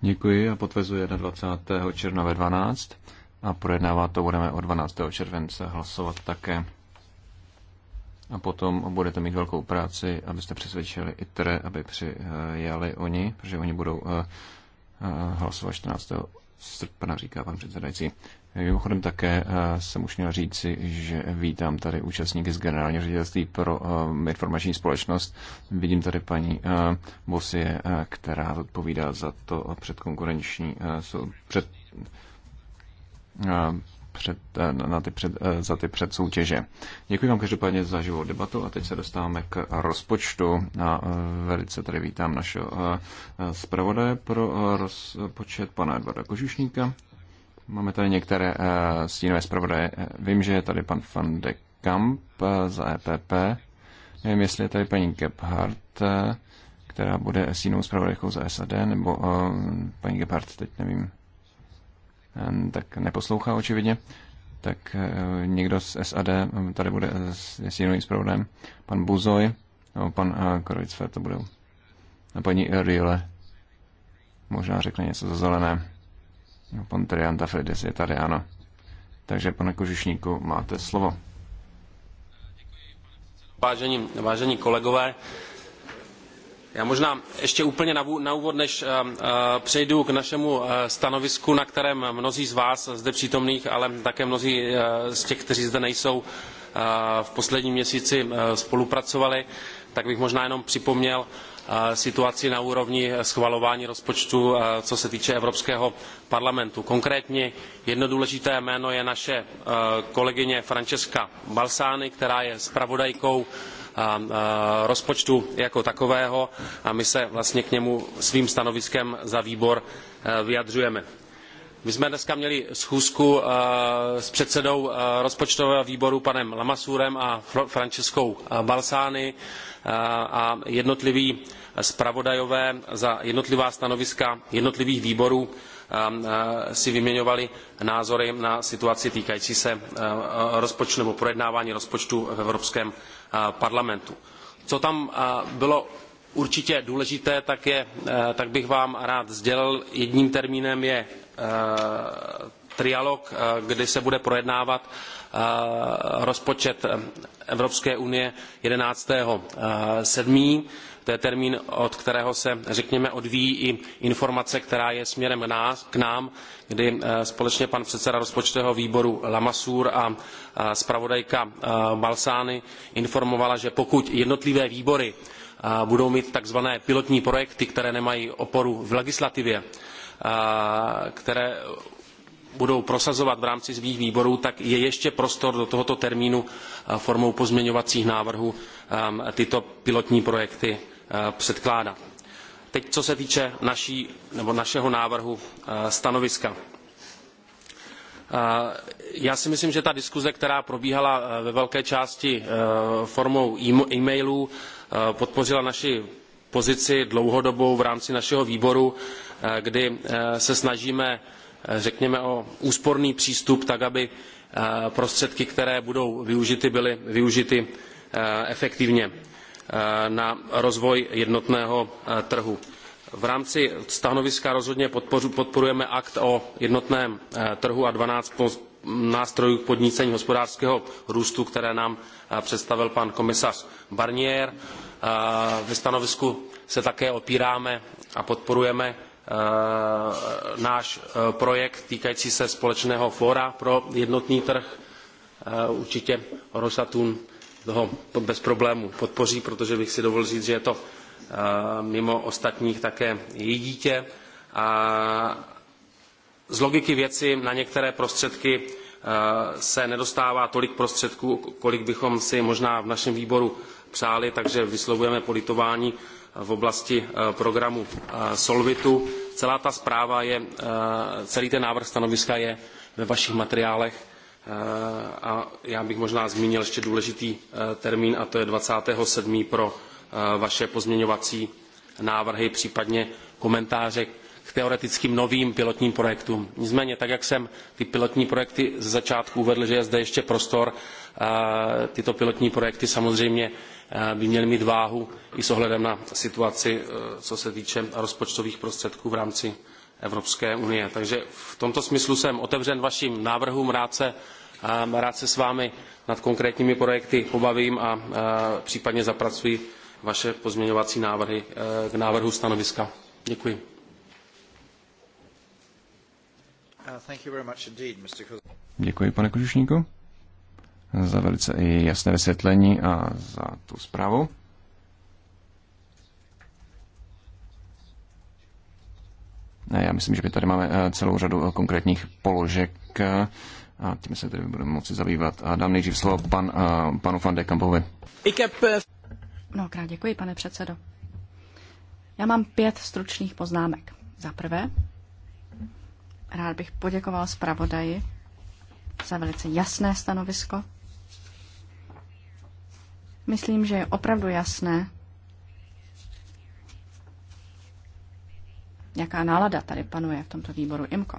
Děkuji a potvrzuje 21. června ve 12 a projednávat to budeme o 12. července hlasovat také. A potom budete mít velkou práci, abyste přesvědčili ITRE, aby přijali oni, protože oni budou e, e, hlasovat 14. srpna, říká pan předsedající. Mimochodem také eh, jsem už měl říci, že vítám tady účastníky z Generálního ředitelství pro eh, informační společnost. Vidím tady paní eh, Bosie, která odpovídá za to předkonkurenční, před, před, na ty před, za ty předsoutěže. Děkuji vám každopádně za živou debatu a teď se dostáváme k rozpočtu. A velice tady vítám našeho zpravodaje pro rozpočet pana Edvarda Kožušníka. Máme tady některé uh, stínové zpravodaje. Eh, vím, že je tady pan Van de Kamp uh, za EPP. Nevím, jestli je tady paní Gebhardt, uh, která bude stínovou zpravodajkou za SAD, nebo uh, paní Gebhardt, teď nevím. Uh, tak neposlouchá očividně. Tak uh, někdo z SAD um, tady bude s stínovým zpravodajem. Pan Buzoj, nebo pan uh, Korovicfer to bude. A paní Riole možná řekne něco za zelené. No, pan Trianta Frides je tady, ano. Takže, pane Kožišníku, máte slovo. Vážení, vážení kolegové, já možná ještě úplně na, úvod, než eh, eh, přejdu k našemu eh, stanovisku, na kterém mnozí z vás zde přítomných, ale také mnozí z těch, kteří zde nejsou, v posledním měsíci spolupracovali, tak bych možná jenom připomněl, Eh, situaci na úrovni schvalování rozpočtu, eh, co se týče Evropského parlamentu. Konkrétně jedno důležité jméno je naše eh, kolegyně Francesca Balsány, která je zpravodajkou rozpočtu jako takového a my se vlastně k němu svým stanoviskem za výbor vyjadřujeme. My jsme dneska měli schůzku s předsedou rozpočtového výboru panem Lamasurem a Franceskou Balsány a jednotliví zpravodajové za jednotlivá stanoviska jednotlivých výborů um, uh, si vyměňovali názory na situaci týkající se uh, rozpočtu nebo projednávání rozpočtu v Evropském uh, parlamentu. Co tam bylo určitě důležité, tak, je, tak bych vám rád sdělil. Jedním termínem je trialog, kdy se bude projednávat rozpočet Evropské unie 11. 7 to je termín, od kterého se, řekněme, odvíjí i informace, která je směrem nás, k nám, kdy eh, společně pan předseda rozpočtového výboru Lamassoure a eh, zpravodajka eh, Balsány informovala, že pokud jednotlivé výbory budou mít takzvané pilotní projekty, které nemají oporu v legislativě, které budou prosazovat v rámci svých výborů, tak je ještě prostor do tohoto termínu formou pozměňovacích návrhů tyto pilotní projekty Eh, předkládá. Teď co se týče naší, nebo našeho návrhu eh, stanoviska. Eh, já si myslím, že ta diskuze, která probíhala ve velké části formou e-mailů, podpořila naši pozici dlouhodobou v rámci našeho výboru, kdy se snažíme, řekněme, o úsporný přístup, tak aby prostředky, které budou využity, byly využity efektivně Eh, na rozvoj jednotného eh, trhu. V rámci stanoviska rozhodně podporujeme akt o jednotném eh, trhu a 12 nástrojů k podnícení hospodářského růstu, které nám představil pan komisař Barnier. Ve stanovisku se také opíráme a podporujeme náš projekt týkající se společného fóra pro jednotný trh. Určitě Rosatun toho bez problémů podpoří, protože bych si dovolil říct, že je to eh, mimo ostatních také její dítě. A z logiky věci na některé prostředky eh, se nedostává tolik prostředků, kolik bychom si možná v našem výboru přáli, takže vyslovujeme politování v oblasti eh, programu Solvitu. Celá ta zpráva je, celý ten návrh stanoviska je ve vašich materiálech Eh, a já bych možná zmínil ještě důležitý eh, termín, a to je 27. pro eh, vaše pozměňovací návrhy, případně komentáře k teoretickým novým pilotním projektům. Nicméně, tak jak jsem ty pilotní projekty ze začátku uvedl, že je zde ještě prostor, tyto pilotní projekty samozřejmě by měly mít váhu i s ohledem na situaci, co se týče rozpočtových prostředků v rámci Evropské unie. Takže v tomto smyslu jsem otevřen vašim návrhům, rád se, ehm, rád se s vámi nad konkrétními projekty pobavím a ehm, případně zapracuji vaše pozměňovací návrhy ehm, k návrhu stanoviska. Děkuji. Uh, Děkuji, pane Kožušníku, za velice jasné vysvětlení a za tu zprávu. Já myslím, že my tady máme eh, celou řadu eh, konkrétních položek eh, a tím se tedy budeme moci zabývat. A dám nejdřív slovo pan, panu van de Kampovi. Mnohokrát děkuji, pane předsedo. Já mám pět stručných poznámek. Za prvé, rád bych poděkoval zpravodaji za velice jasné stanovisko. Myslím, že je opravdu jasné, jaká nálada tady panuje v tomto výboru IMCO.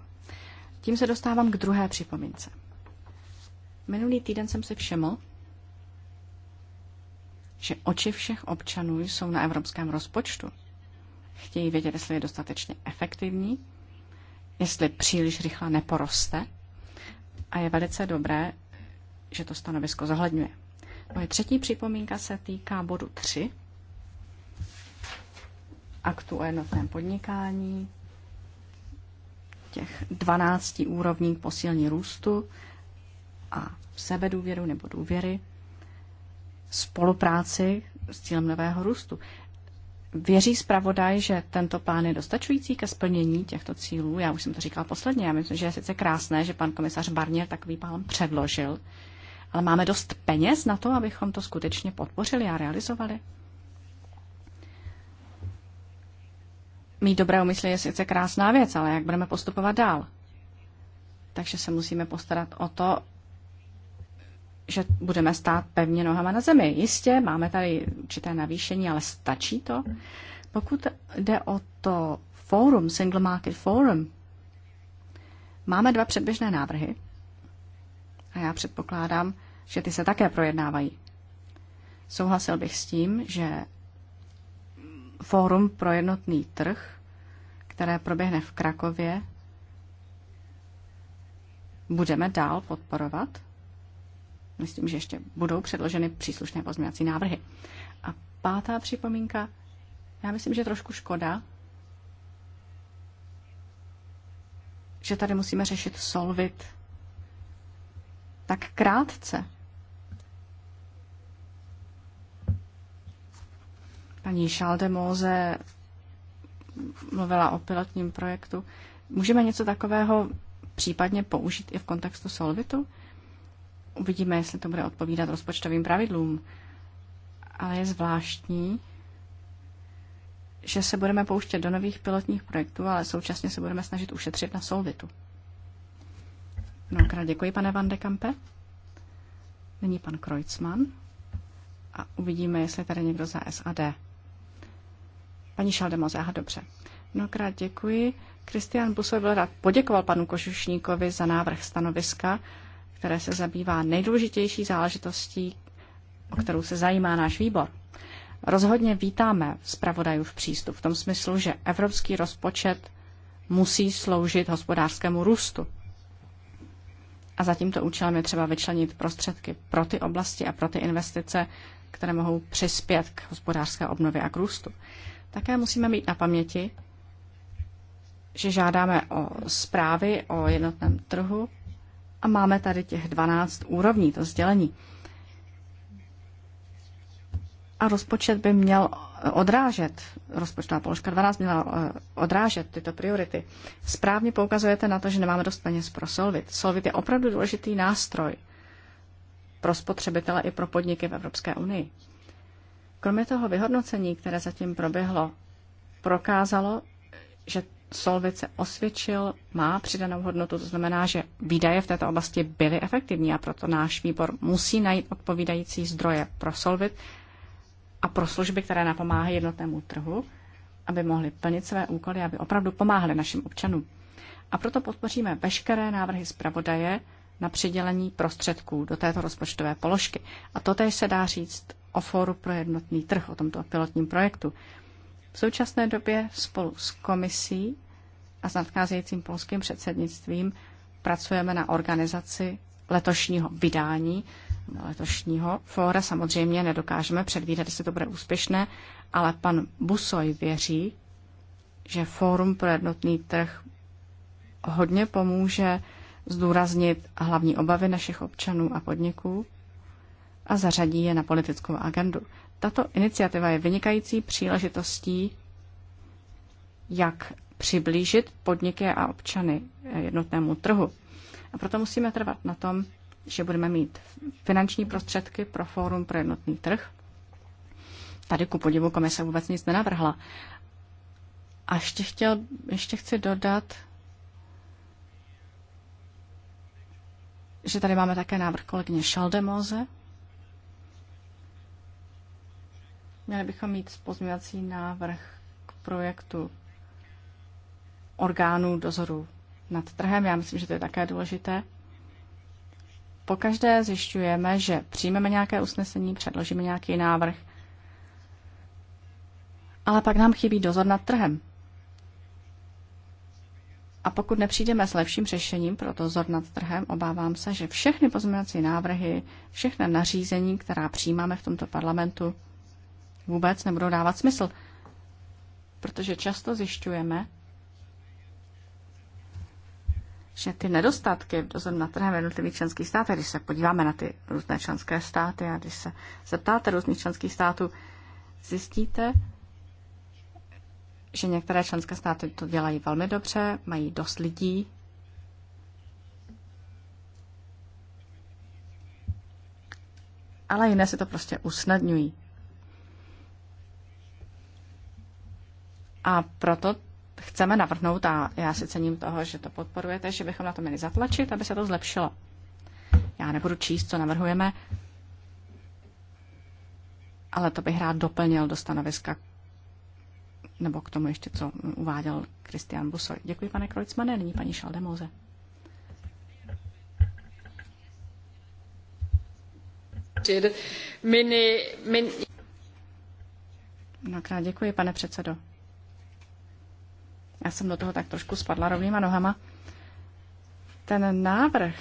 Tím se dostávám k druhé připomínce. Minulý týden jsem si všiml, že oči všech občanů jsou na evropském rozpočtu. Chtějí vědět, jestli je dostatečně efektivní, jestli příliš rychle neporoste a je velice dobré, že to stanovisko zohledňuje. Moje třetí připomínka se týká bodu 3, aktu o jednotném podnikání, těch 12 úrovní posílení růstu a sebedůvěru nebo důvěry, spolupráci s cílem nového růstu. Věří zpravodaj, že tento plán je dostačující ke splnění těchto cílů? Já už jsem to říkal posledně. Já myslím, že je sice krásné, že pan komisař Barnier takový plán předložil, ale máme dost peněz na to, abychom to skutečně podpořili a realizovali. Mít dobré úmysly je sice krásná věc, ale jak budeme postupovat dál? Takže se musíme postarat o to, že budeme stát pevně nohama na zemi. Jistě, máme tady určité navýšení, ale stačí to? Pokud jde o to forum Single Market Forum, máme dva předběžné návrhy a já předpokládám, že ty se také projednávají. Souhlasil bych s tím, že Fórum pro jednotný trh, které proběhne v Krakově, budeme dál podporovat. Myslím, že ještě budou předloženy příslušné pozměňovací návrhy. A pátá připomínka, já myslím, že trošku škoda, že tady musíme řešit solvit tak krátce. Paní Šaldemóze mluvila o pilotním projektu. Můžeme něco takového případně použít i v kontextu Solvitu? Uvidíme, jestli to bude odpovídat rozpočtovým pravidlům. Ale je zvláštní, že se budeme pouštět do nových pilotních projektů, ale současně se budeme snažit ušetřit na Solvitu. Mnohokrát děkuji, pane Van de Kampe. Nyní pan Kreutzmann. A uvidíme, jestli tady někdo za SAD. Paní Šaldemoze, aha, dobře. Mnohokrát děkuji. Kristian Busoj byl rád poděkoval panu Košušníkovi za návrh stanoviska, které se zabývá nejdůležitější záležitostí, o kterou se zajímá náš výbor. Rozhodně vítáme v přístup v tom smyslu, že evropský rozpočet musí sloužit hospodářskému růstu. A za tímto účelem je třeba vyčlenit prostředky pro ty oblasti a pro ty investice, které mohou přispět k hospodářské obnově a k růstu. Také musíme mít na paměti, že žádáme o zprávy o jednotném trhu a máme tady těch 12 úrovní, to sdělení. A rozpočet by měl odrážet, rozpočtová položka 12 měla eh, odrážet tyto priority. Správně poukazujete na to, že nemáme dost peněz pro Solvit. Solvit je opravdu důležitý nástroj pro spotřebitele i pro podniky v Evropské unii. Kromě toho vyhodnocení, které zatím proběhlo, prokázalo, že Solvit se osvědčil, má přidanou hodnotu, to znamená, že výdaje v této oblasti byly efektivní a proto náš výbor musí najít odpovídající zdroje pro Solvit a pro služby, které napomáhají jednotnému trhu, aby mohli plnit své úkoly, aby opravdu pomáhali našim občanům. A proto podpoříme veškeré návrhy zpravodaje na přidělení prostředků do této rozpočtové položky. A to se dá říct o Fóru pro jednotný trh, o tomto pilotním projektu. V současné době spolu s komisí a s nadcházejícím polským předsednictvím pracujeme na organizaci letošního vydání letošního fóra. Samozřejmě nedokážeme předvídat, jestli to bude úspěšné, ale pan Busoj věří, že Fórum pro jednotný trh hodně pomůže zdůraznit hlavní obavy našich občanů a podniků a zařadí je na politickou agendu. Tato iniciativa je vynikající příležitostí, jak přiblížit podniky a občany jednotnému trhu. A proto musíme trvat na tom, že budeme mít finanční prostředky pro Fórum pro jednotný trh. Tady ku podivu komise vůbec nic nenavrhla. A ještě, chtěl, ještě chci dodat, že tady máme také návrh kolegyně Šaldemoze, Měli bychom mít pozměňovací návrh k projektu orgánů dozoru nad trhem. Já myslím, že to je také důležité. Pokaždé zjišťujeme, že přijmeme nějaké usnesení, předložíme nějaký návrh, ale pak nám chybí dozor nad trhem. A pokud nepřijdeme s lepším řešením pro dozor nad trhem, obávám se, že všechny pozměňovací návrhy, všechna nařízení, která přijímáme v tomto parlamentu, vůbec nebudou dávat smysl. Protože často zjišťujeme, že ty nedostatky v dozoru na trhem v jednotlivých členských státech, když se podíváme na ty různé členské státy a když se zeptáte různých členských států, zjistíte, že některé členské státy to dělají velmi dobře, mají dost lidí. Ale jiné si to prostě usnadňují. A proto chceme navrhnout, a já si cením toho, že to podporujete, že bychom na to měli zatlačit, aby se to zlepšilo. Já nebudu číst, co navrhujeme, ale to bych rád doplnil do stanoviska nebo k tomu ještě, co uváděl Kristian Busoj. Děkuji, pane Krojcmane, nyní paní Šaldemoze. Mnohokrát děkuji, pane předsedo. Já jsem do toho tak trošku spadla rovnýma nohama. Ten návrh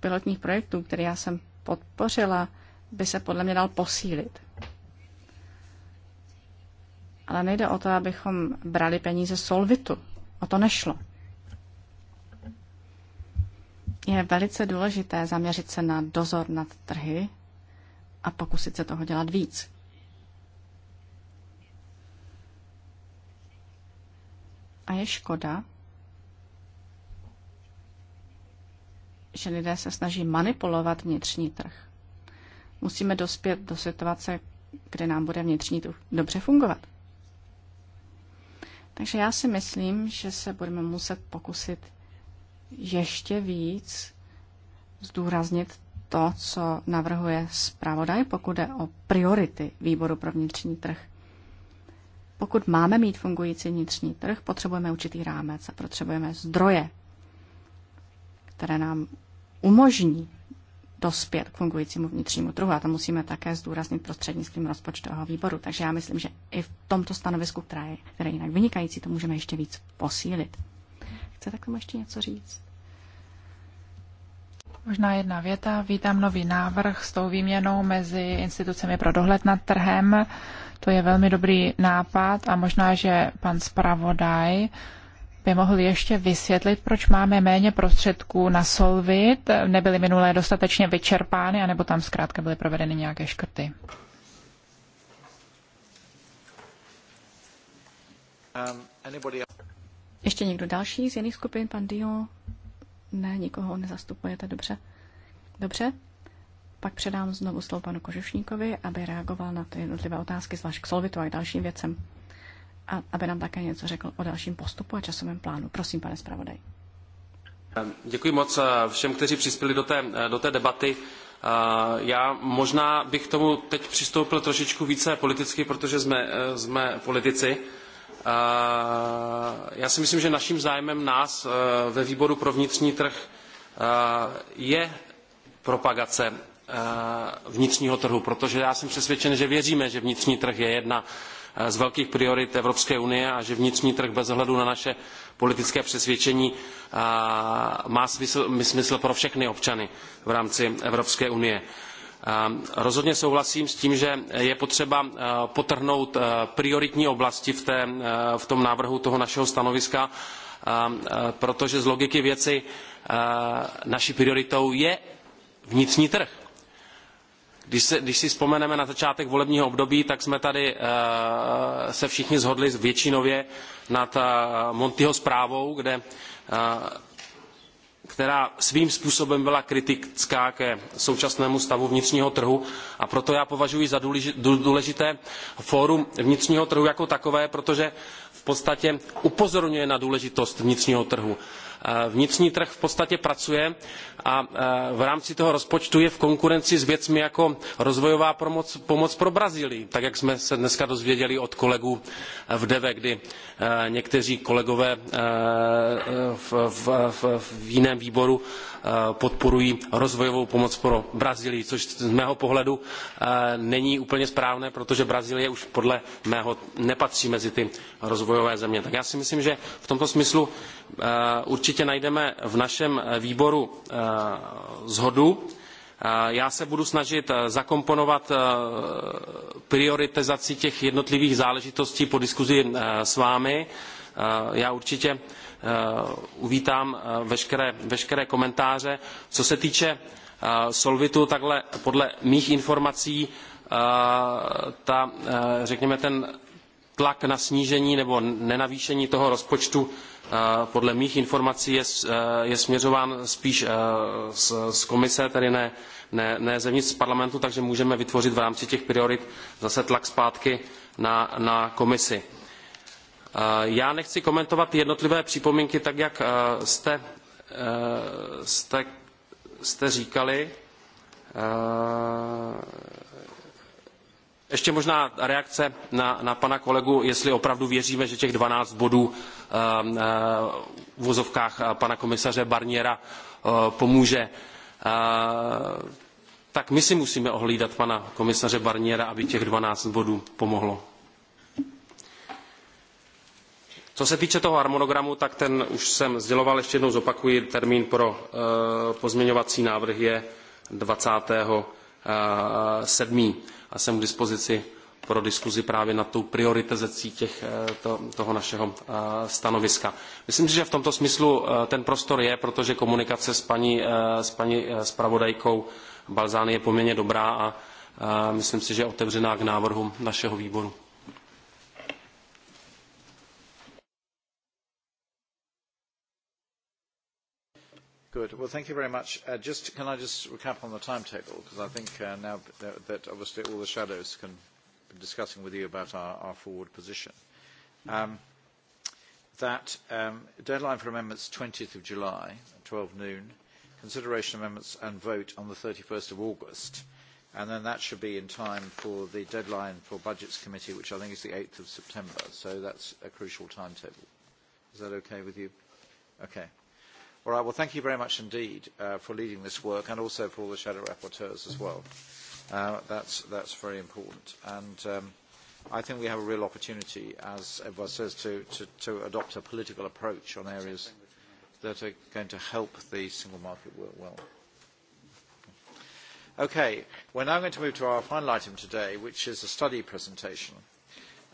pilotních projektů, který já jsem podpořila, by se podle mě dal posílit. Ale nejde o to, abychom brali peníze solvitu. O to nešlo. Je velice důležité zaměřit se na dozor nad trhy a pokusit se toho dělat víc. A je škoda, že lidé se snaží manipulovat vnitřní trh. Musíme dospět do situace, kde nám bude vnitřní trh dobře fungovat. Takže já si myslím, že se budeme muset pokusit ještě víc zdůraznit to, co navrhuje zpravodaj, pokud jde o priority výboru pro vnitřní trh. Pokud máme mít fungující vnitřní trh, potřebujeme určitý rámec a potřebujeme zdroje, které nám umožní dospět k fungujícímu vnitřnímu trhu. A to musíme také zdůraznit prostřednictvím rozpočtového výboru. Takže já myslím, že i v tomto stanovisku, které je, které je jinak vynikající, to můžeme ještě víc posílit. Chcete k tomu ještě něco říct? Možná jedna věta. Vítám nový návrh s tou výměnou mezi institucemi pro dohled nad trhem. To je velmi dobrý nápad a možná, že pan zpravodaj by mohl ještě vysvětlit, proč máme méně prostředků na Solvit, nebyly minulé dostatečně vyčerpány, anebo tam zkrátka byly provedeny nějaké škrty. Um, ještě někdo další z jiných skupin? Pan Dion, ne, nikoho nezastupujete, dobře. Dobře, pak předám znovu slovo panu Kožušníkovi, aby reagoval na ty jednotlivé otázky, zvlášť k Solvitu a k dalším věcem. A aby nám také něco řekl o dalším postupu a časovém plánu. Prosím, pane zpravodaj. Ehm, děkuji moc eh, všem, kteří přispěli do té, eh, do té debaty. Eh, já možná bych k tomu teď přistoupil trošičku více politicky, protože jsme, jsme politici. Já si myslím, že naším zájmem nás eh, ve výboru pro vnitřní trh eh, je propagace eh, vnitřního trhu, protože já jsem přesvědčen, že věříme, že vnitřní trh je jedna z velkých priorit Evropské unie a že vnitřní trh bez ohledu na naše politické přesvědčení má smysl, smysl pro všechny občany v rámci Evropské unie. Ehm, rozhodně souhlasím s tím, že je potřeba eh, potrhnout eh, prioritní oblasti v, té, eh, v tom návrhu toho našeho stanoviska, ehm, protože z logiky věci naší prioritou je vnitřní trh. Když, se, když si vzpomeneme na začátek volebního období, tak jsme tady se všichni zhodli většinově nad Montyho zprávou, kde která svým způsobem byla kritická ke současnému stavu vnitřního trhu a proto já považuji za důležité fórum vnitřního trhu jako takové protože v podstatě upozorňuje na důležitost vnitřního trhu. Eh, vnitřní trh v podstatě pracuje a eh, v rámci toho rozpočtu je v konkurenci s věcmi jako rozvojová pomoc, pomoc pro Brazílii, tak jak jsme se dneska dozvěděli od kolegů eh, v DEVE, kdy někteří kolegové v, v, v, v jiném výboru podporují rozvojovou pomoc pro Brazílii, což z mého pohledu není úplně správné, protože Brazílie už podle mého nepatří mezi ty rozvojové země. Tak já si myslím, že v tomto smyslu Eh, určitě najdeme v našem eh, výboru zhodu. Eh, já se budu snažit zakomponovat prioritizaci těch jednotlivých záležitostí po diskuzi s vámi. Já určitě uvítám veškeré, veškeré komentáře. Co se týče Solvitu, takhle podle mých informací ta, řekněme, ten tlak na snížení nebo nenavýšení toho rozpočtu Eh, podle mých informací je, eh, je směřován spíš z, eh, z komise, tedy ne, ne, ne zevnitř z parlamentu, takže můžeme vytvořit v rámci těch priorit zase tlak zpátky na, na komisi. Já nechci komentovat jednotlivé připomínky, tak jak jste, jste, jste říkali. Ještě možná reakce na, na pana kolegu, jestli opravdu věříme, že těch 12 bodů ehm, ehm, v vozovkách eh, pana komisaře Barniera eh, pomůže. Eh, tak my si musíme ohlídat pana komisaře Barniera, aby těch 12 bodů pomohlo. Co se týče toho harmonogramu, tak ten už jsem sděloval, ještě jednou zopakuji, termín pro pozměňovací návrh je 20. Eh, sedmý a jsem k dispozici pro diskuzi právě nad tou prioritizací těch, eh, to, toho našeho eh, stanoviska. Myslím si, že v tomto smyslu ten prostor je, protože komunikace s paní, s paní spravodajkou Balzány je poměrně dobrá a myslím si, že je otevřená k návrhu našeho výboru. Good. Well, thank you very much. Uh, can I just recap on the timetable? Because I think uh, now that, obviously all the shadows can be discussing with you about our, forward position. Um, that um, deadline for amendments 20th of July, 12:00 noon, consideration amendments and vote on the 31st of August. And then that should be in time for the deadline for Budgets Committee, which I think is the 8th of September. So that's a crucial timetable. Is that okay with you? Okay. All right, well, thank you very much indeed uh, for leading this work and also for all the shadow rapporteurs as well. Uh, that's, that's very important. And um, I think we have a real opportunity, as everyone says, to, to, to adopt a political approach on areas that are going to help the single market work well. Okay, we're now going to move to our final item today, which is a study presentation,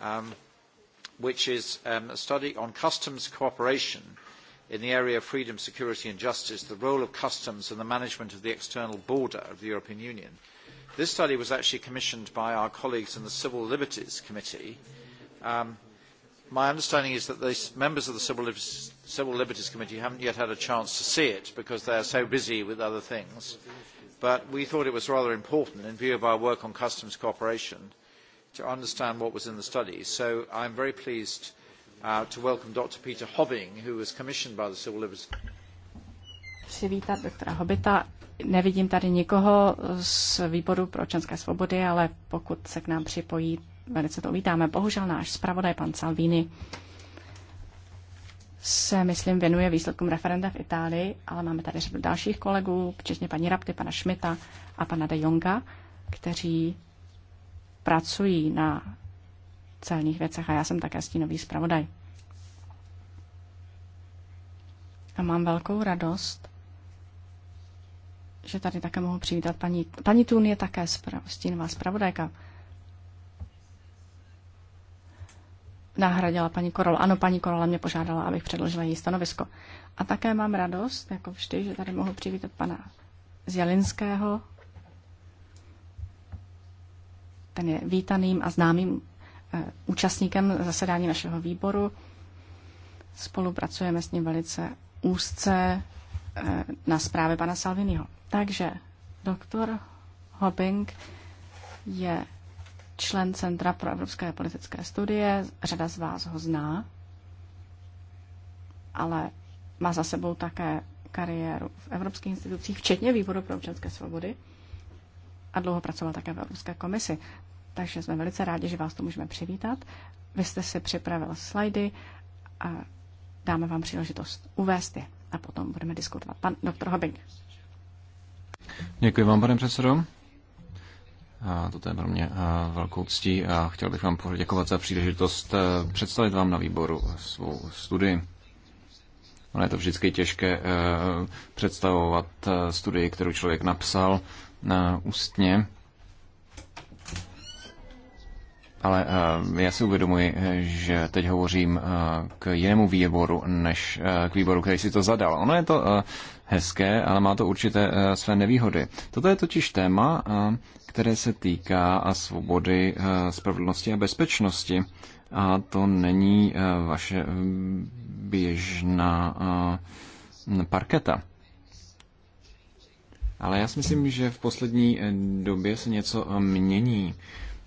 um, which is um, a study on customs cooperation in the area of freedom, security and justice, the role of customs and the management of the external border of the European Union. This study was actually commissioned by our colleagues in the Civil Liberties Committee. Um, my understanding is that the members of the Civil, Lib Civil Liberties Committee haven't yet had a chance to see it because they are so busy with other things. But we thought it was rather important, in view of our work on customs cooperation, to understand what was in the study. So I'm very pleased Uh, to welcome Dr. Peter Hobbing, who was commissioned by the Civil Liberties. Přivítat doktora Hobita. Nevidím tady nikoho z výboru pro občanské svobody, ale pokud se k nám připojí, velice to uvítáme. Bohužel náš zpravodaj, pan Salvini, se, myslím, věnuje výsledkům referenda v Itálii, ale máme tady řadu dalších kolegů, včetně paní Rapty, pana Šmita a pana De Jonga, kteří pracují na celních věcech a já jsem také stínový zpravodaj. A mám velkou radost, že tady také mohu přivítat paní, paní Tun je také stínová zpravodajka. Nahradila paní Korol. Ano, paní Korola mě požádala, abych předložila její stanovisko. A také mám radost, jako vždy, že tady mohu přivítat pana Zjalinského. Ten je vítaným a známým Eh, účastníkem zasedání našeho výboru. Spolupracujeme s ním velice úzce eh, na zprávě pana Salviniho. Takže doktor Hobbing je člen Centra pro evropské politické studie, řada z vás ho zná, ale má za sebou také kariéru v evropských institucích, včetně výboru pro občanské svobody a dlouho pracoval také v Evropské komisi. Takže jsme velice rádi, že vás tu můžeme přivítat. Vy jste si připravil slajdy a dáme vám příležitost uvést je a potom budeme diskutovat. Pan doktor Habing. Děkuji vám, pane předsedo. A to je pro mě velkou ctí a chtěl bych vám poděkovat za příležitost představit vám na výboru svou studii. Ono je to vždycky těžké představovat studii, kterou člověk napsal ústně ale eh, já si uvědomuji, že teď hovořím eh, k jinému výboru, než eh, k výboru, který si to zadal. Ono je to hezké, ale má to určité své nevýhody. Toto je totiž téma, které se týká a svobody, spravedlnosti a bezpečnosti. A to není vaše běžná parketa. Ale já si myslím, že v poslední době se něco mění.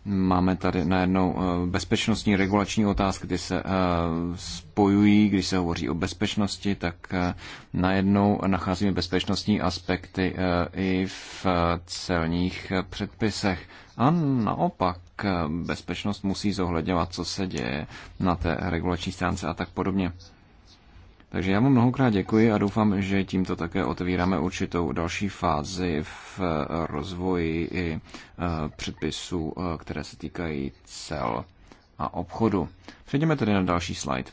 Máme tady najednou eh, bezpečnostní regulační otázky, kdy se eh, spojují, když se hovoří o bezpečnosti, tak eh, najednou nacházíme bezpečnostní aspekty i v celních předpisech. A naopak bezpečnost musí zohledňovat, co se děje na té regulační stránce a tak podobně. Takže já mu mnohokrát děkuji a doufám, že tímto také otevíráme určitou další fázi v eh, rozvoji i eh, předpisů, eh, které se týkají cel a obchodu. Přejdeme tedy na další slide.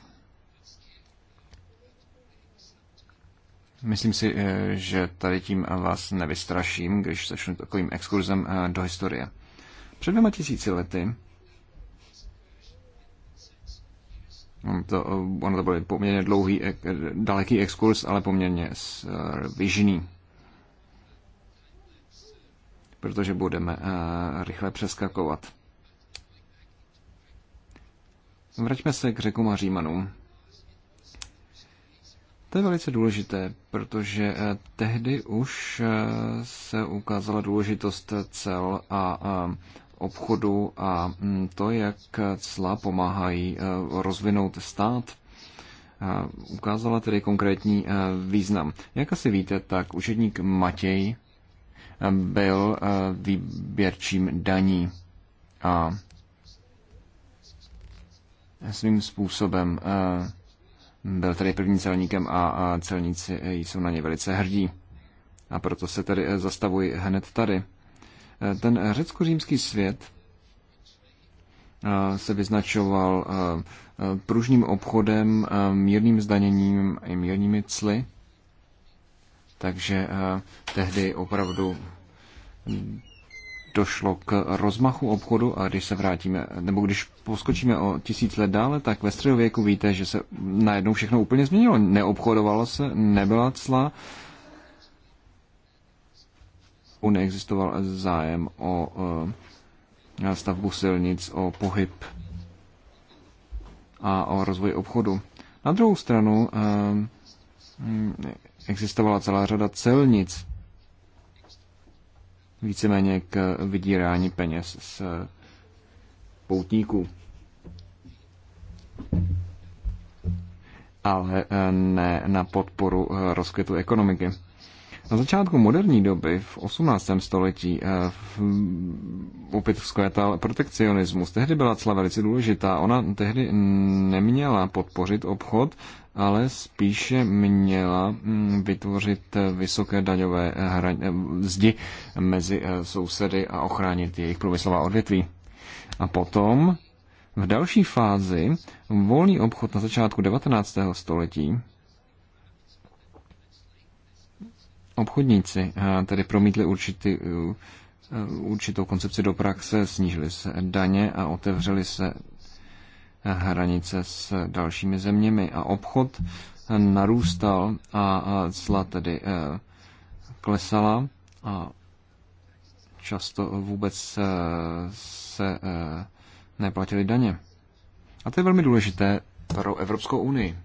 Myslím si, že tady tím vás nevystraším, když začnu takovým exkurzem do historie. Před dvěma tisíci lety Hm, to, eh, ono to byl poměrně dlouhý, eh, daleký exkurs, ale poměrně vyžný. Eh, protože budeme rychle přeskakovat. Vraťme se k řekům a římanům. To je velice důležité, protože tehdy už se ukázala důležitost cel a obchodu a mm, to, jak cla pomáhají e, rozvinout stát, e, ukázala tedy konkrétní e, význam. Jak asi víte, tak učedník Matěj byl výběrčím daní a svým způsobem byl tedy prvním celníkem a celníci jsou na ně velice hrdí. A proto se tedy zastavuji hned tady. Eh, ten řecko-římský svět eh, se vyznačoval eh, pružným obchodem, mírným zdaněním i mírnými cly. Takže tehdy opravdu došlo k rozmachu obchodu a když se vrátíme, nebo když poskočíme o tisíc let dále, tak ve středověku víte, že se najednou všechno úplně změnilo. Neobchodovalo se, nebyla cla, Evropskou neexistoval zájem o eh, stavbu silnic, o pohyb a o rozvoj obchodu. Na druhou stranu eh, existovala celá řada celnic, víceméně k vydírání peněz z poutníků. Ale eh, ne na podporu rozkvětu ekonomiky. Na začátku moderní doby v 18. století eh, opět vzkvétal protekcionismus. Tehdy byla cla velice důležitá. Ona tehdy neměla podpořit obchod, ale spíše měla hm, vytvořit eh, vysoké daňové eh, hraň, zdi mezi sousedy a ochránit jejich průmyslová odvětví. A potom v další fázi volný obchod na začátku 19. století obchodníci eh, tedy promítli určitý, eh, eh, určitou koncepci do praxe, snížili se daně a otevřeli se hranice s dalšími zeměmi a obchod narůstal a cla tedy klesala a často vůbec se neplatili daně. A to je velmi důležité pro Evropskou unii.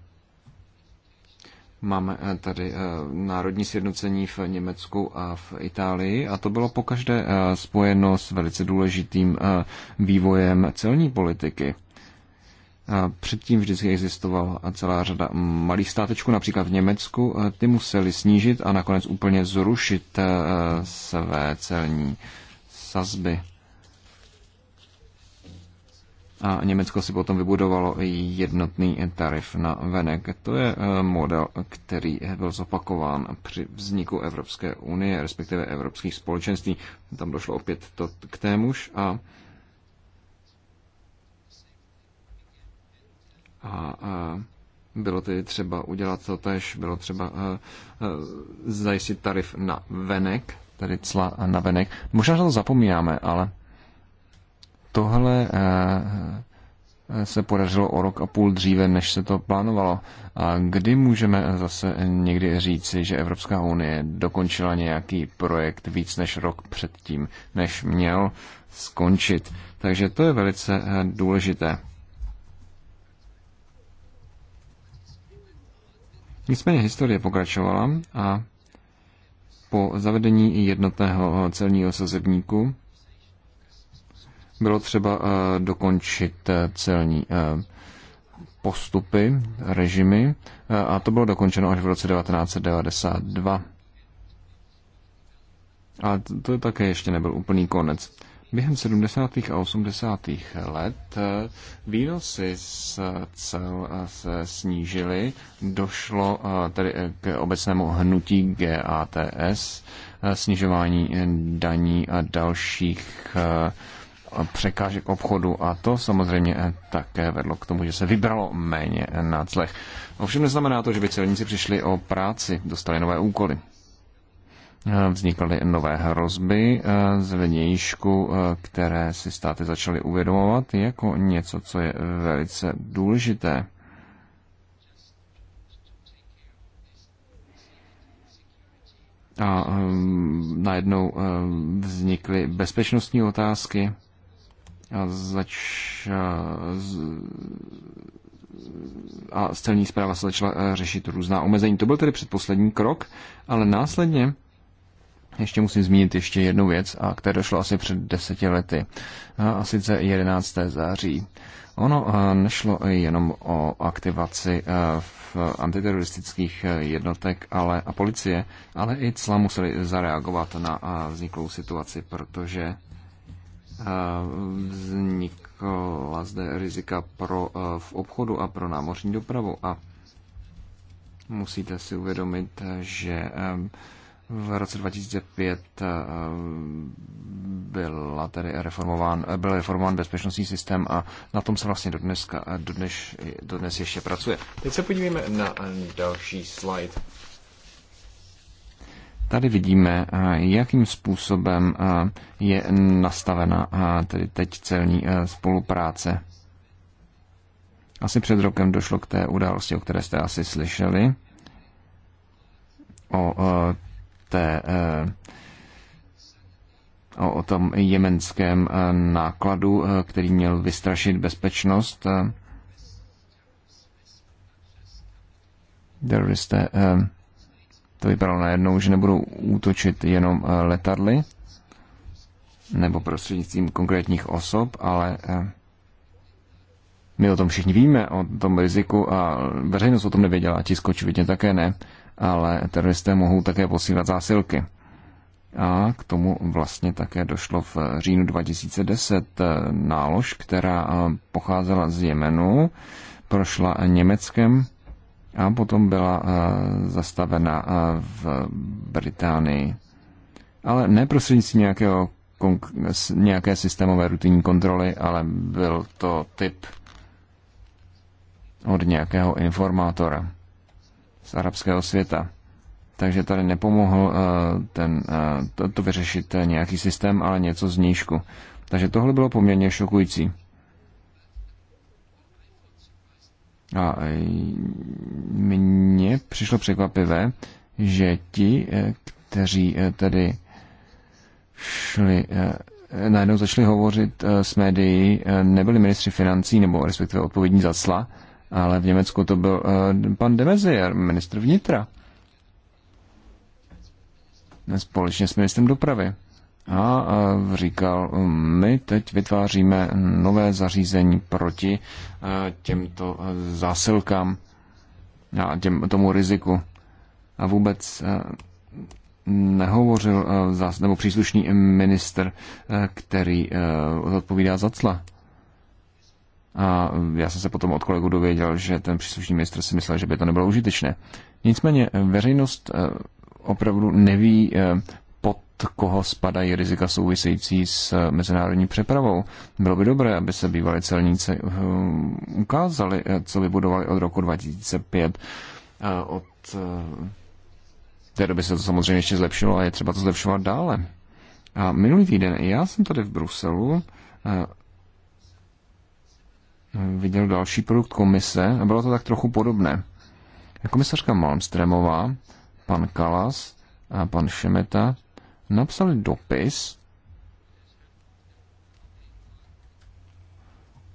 Máme eh, tady eh, národní sjednocení v Německu a v Itálii a to bylo pokaždé eh, spojeno s velice důležitým vývojem celní politiky. Předtím vždycky existovala celá řada malých státečků, například v Německu, ty museli snížit a nakonec úplně zrušit své celní sazby a Německo si potom vybudovalo jednotný tarif na venek. To je eh, model, který byl zopakován při vzniku Evropské unie, respektive evropských společenství. Tam došlo opět to k témuž a a, a bylo tedy třeba udělat to tež, bylo třeba uh, zajistit tarif na venek, tedy cla na venek. Možná to zapomínáme, ale tohle eh, se podařilo o rok a půl dříve, než se to plánovalo. A kdy můžeme zase někdy říci, že Evropská unie dokončila nějaký projekt víc než rok předtím, než měl skončit. Takže to je velice eh, důležité. Nicméně historie pokračovala a po zavedení jednotného celního sazebníku bylo třeba eh, dokončit eh, celní eh, postupy, režimy a to bylo dokončeno až v roce 1992. A to také ještě nebyl úplný konec. Během 70. a 80. let výnosy z cel se snížily, došlo tedy k obecnému hnutí GATS, snižování daní a dalších překážek obchodu a to samozřejmě eh, také vedlo k tomu, že se vybralo méně na clech. Ovšem neznamená to, že by celníci přišli o práci, dostali nové úkoly. Eh, Vznikaly nové hrozby eh, z vnějšku, které si státy začaly uvědomovat jako něco, co je velice důležité. a um, najednou um, vznikly bezpečnostní otázky zač, a celní zpráva se začala e, řešit různá omezení. To byl tedy předposlední krok, ale následně ještě musím zmínit ještě jednu věc, a které došlo asi před deseti lety, a sice 11. září. Ono e, nešlo jenom o aktivaci e, v antiteroristických jednotek ale, a policie, ale i cla museli zareagovat na vzniklou situaci, protože vznikla zde rizika pro, eh, v obchodu a pro námořní dopravu. A musíte si uvědomit, že v roce 2005 eh, byla tedy reformován, byl reformován bezpečnostní systém a na tom se vlastně dodnes, do dodnes ještě pracuje. Teď se podívejme na další slide. Tady vidíme, jakým způsobem je nastavena tedy teď celní spolupráce. Asi před rokem došlo k té události, o které jste asi slyšeli, o té o tom jemenském nákladu, který měl vystrašit bezpečnost. Teroristé to vypadalo najednou, že nebudou útočit jenom eh, letadly nebo prostřednictvím konkrétních osob, ale eh, my o tom všichni víme, o tom riziku a veřejnost o tom nevěděla, ti očividně také ne, ale teroristé mohou také posílat zásilky. A k tomu vlastně také došlo v eh, říjnu 2010 nálož, která pocházela z Jemenu, prošla Německem a potom byla eh, zastavena eh, v Británii. Ale ne prostřednictvím nějakého, nějaké systémové rutinní kontroly, ale byl to typ od nějakého informátora z arabského světa. Takže tady nepomohl eh, ten, to, to vyřešit nějaký systém, ale něco z nížku. Takže tohle bylo poměrně šokující. A e, mně přišlo překvapivé, že ti, e, kteří e, tedy šli, najednou začali hovořit s médií, nebyli ministři financí nebo respektive odpovědní za cla, ale v Německu to byl pan de Maizière, ministr vnitra. Společně s ministrem dopravy a říkal, my teď vytváříme nové zařízení proti e, těmto e, zásilkám a těm, tomu riziku. A vůbec e, nehovořil nebo příslušný minister, který odpovídá za cla. A já jsem se potom od kolegu dověděl, že ten příslušný minister si myslel, že by to nebylo užitečné. Nicméně veřejnost opravdu neví, koho spadají rizika související s eh, mezinárodní přepravou. Bylo by dobré, aby se bývalé celníci eh, ukázali, eh, co vybudovali od roku 2005. Od té doby se to samozřejmě ještě zlepšilo a je třeba to zlepšovat dále. A minulý týden já jsem tady v Bruselu viděl další produkt komise a bylo to tak trochu podobné. Komisařka Malmströmová, pan Kalas a pan Šemeta napsali dopis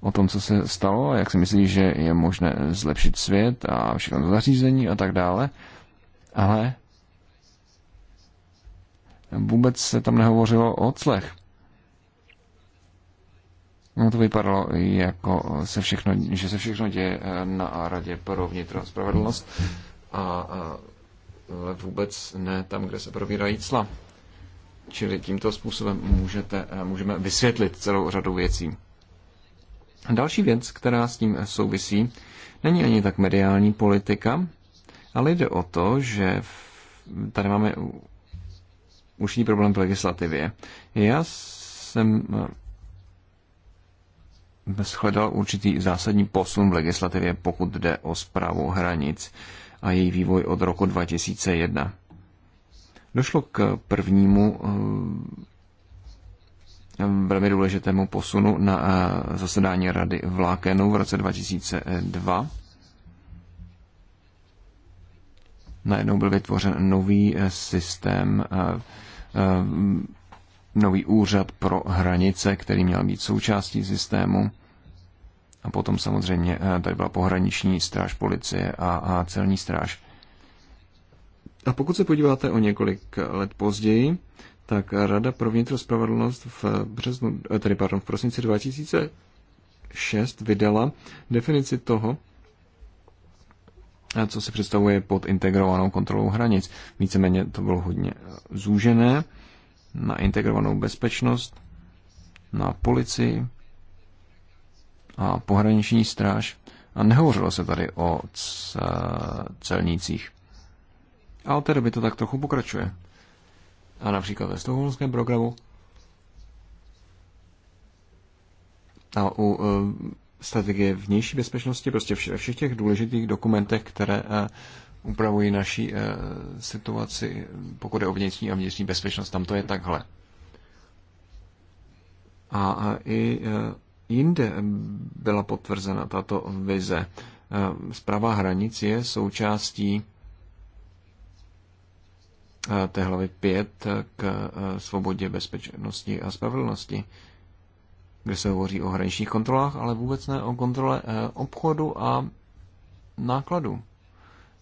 o tom, co se stalo a jak si myslí, že je možné zlepšit svět a všechno zařízení a tak dále, ale vůbec se tam nehovořilo o clech. No to vypadalo jako se všechno, že se všechno děje eh, na Radě pro vnitro spravedlnost a, a vůbec ne tam, kde se probírají cla. Čili tímto způsobem můžete, eh, můžeme vysvětlit celou řadu věcí. Další věc, která s tím souvisí, není ani tak mediální politika, ale jde o to, že tady máme užší problém v legislativě. Já jsem eh, shledal určitý zásadní posun v legislativě, pokud jde o zprávu hranic a její vývoj od roku 2001. Došlo k prvnímu eh, velmi důležitému posunu na eh, zasedání Rady v Lákenu v roce 2002. Najednou byl vytvořen nový eh, systém, nový úřad pro hranice, který měl být součástí systému. A potom samozřejmě tady byla pohraniční stráž policie a, a celní stráž. A pokud se podíváte o několik let později, tak Rada pro spravedlnost v březnu, eh, tedy pardon, v prosinci 2006 vydala definici toho, eh, co si představuje pod integrovanou kontrolou hranic. Víceméně to bylo hodně eh, zúžené na integrovanou bezpečnost, na policii a pohraniční stráž. A nehovořilo se tady o celnících. A od té doby to tak trochu pokračuje. A například ve stokholmském programu a u e, strategie vnější bezpečnosti, prostě ve všech těch důležitých dokumentech, které e, upravují naší e, situaci, pokud je o vnitřní a vnitřní bezpečnost, tam to je takhle. A i jinde byla potvrzena tato vize. Zpráva hranic je součástí Eh, té hlavy 5 k eh, svobodě, bezpečnosti a spravedlnosti, kde se hovoří o hraničních kontrolách, ale vůbec ne o kontrole eh, obchodu a nákladu.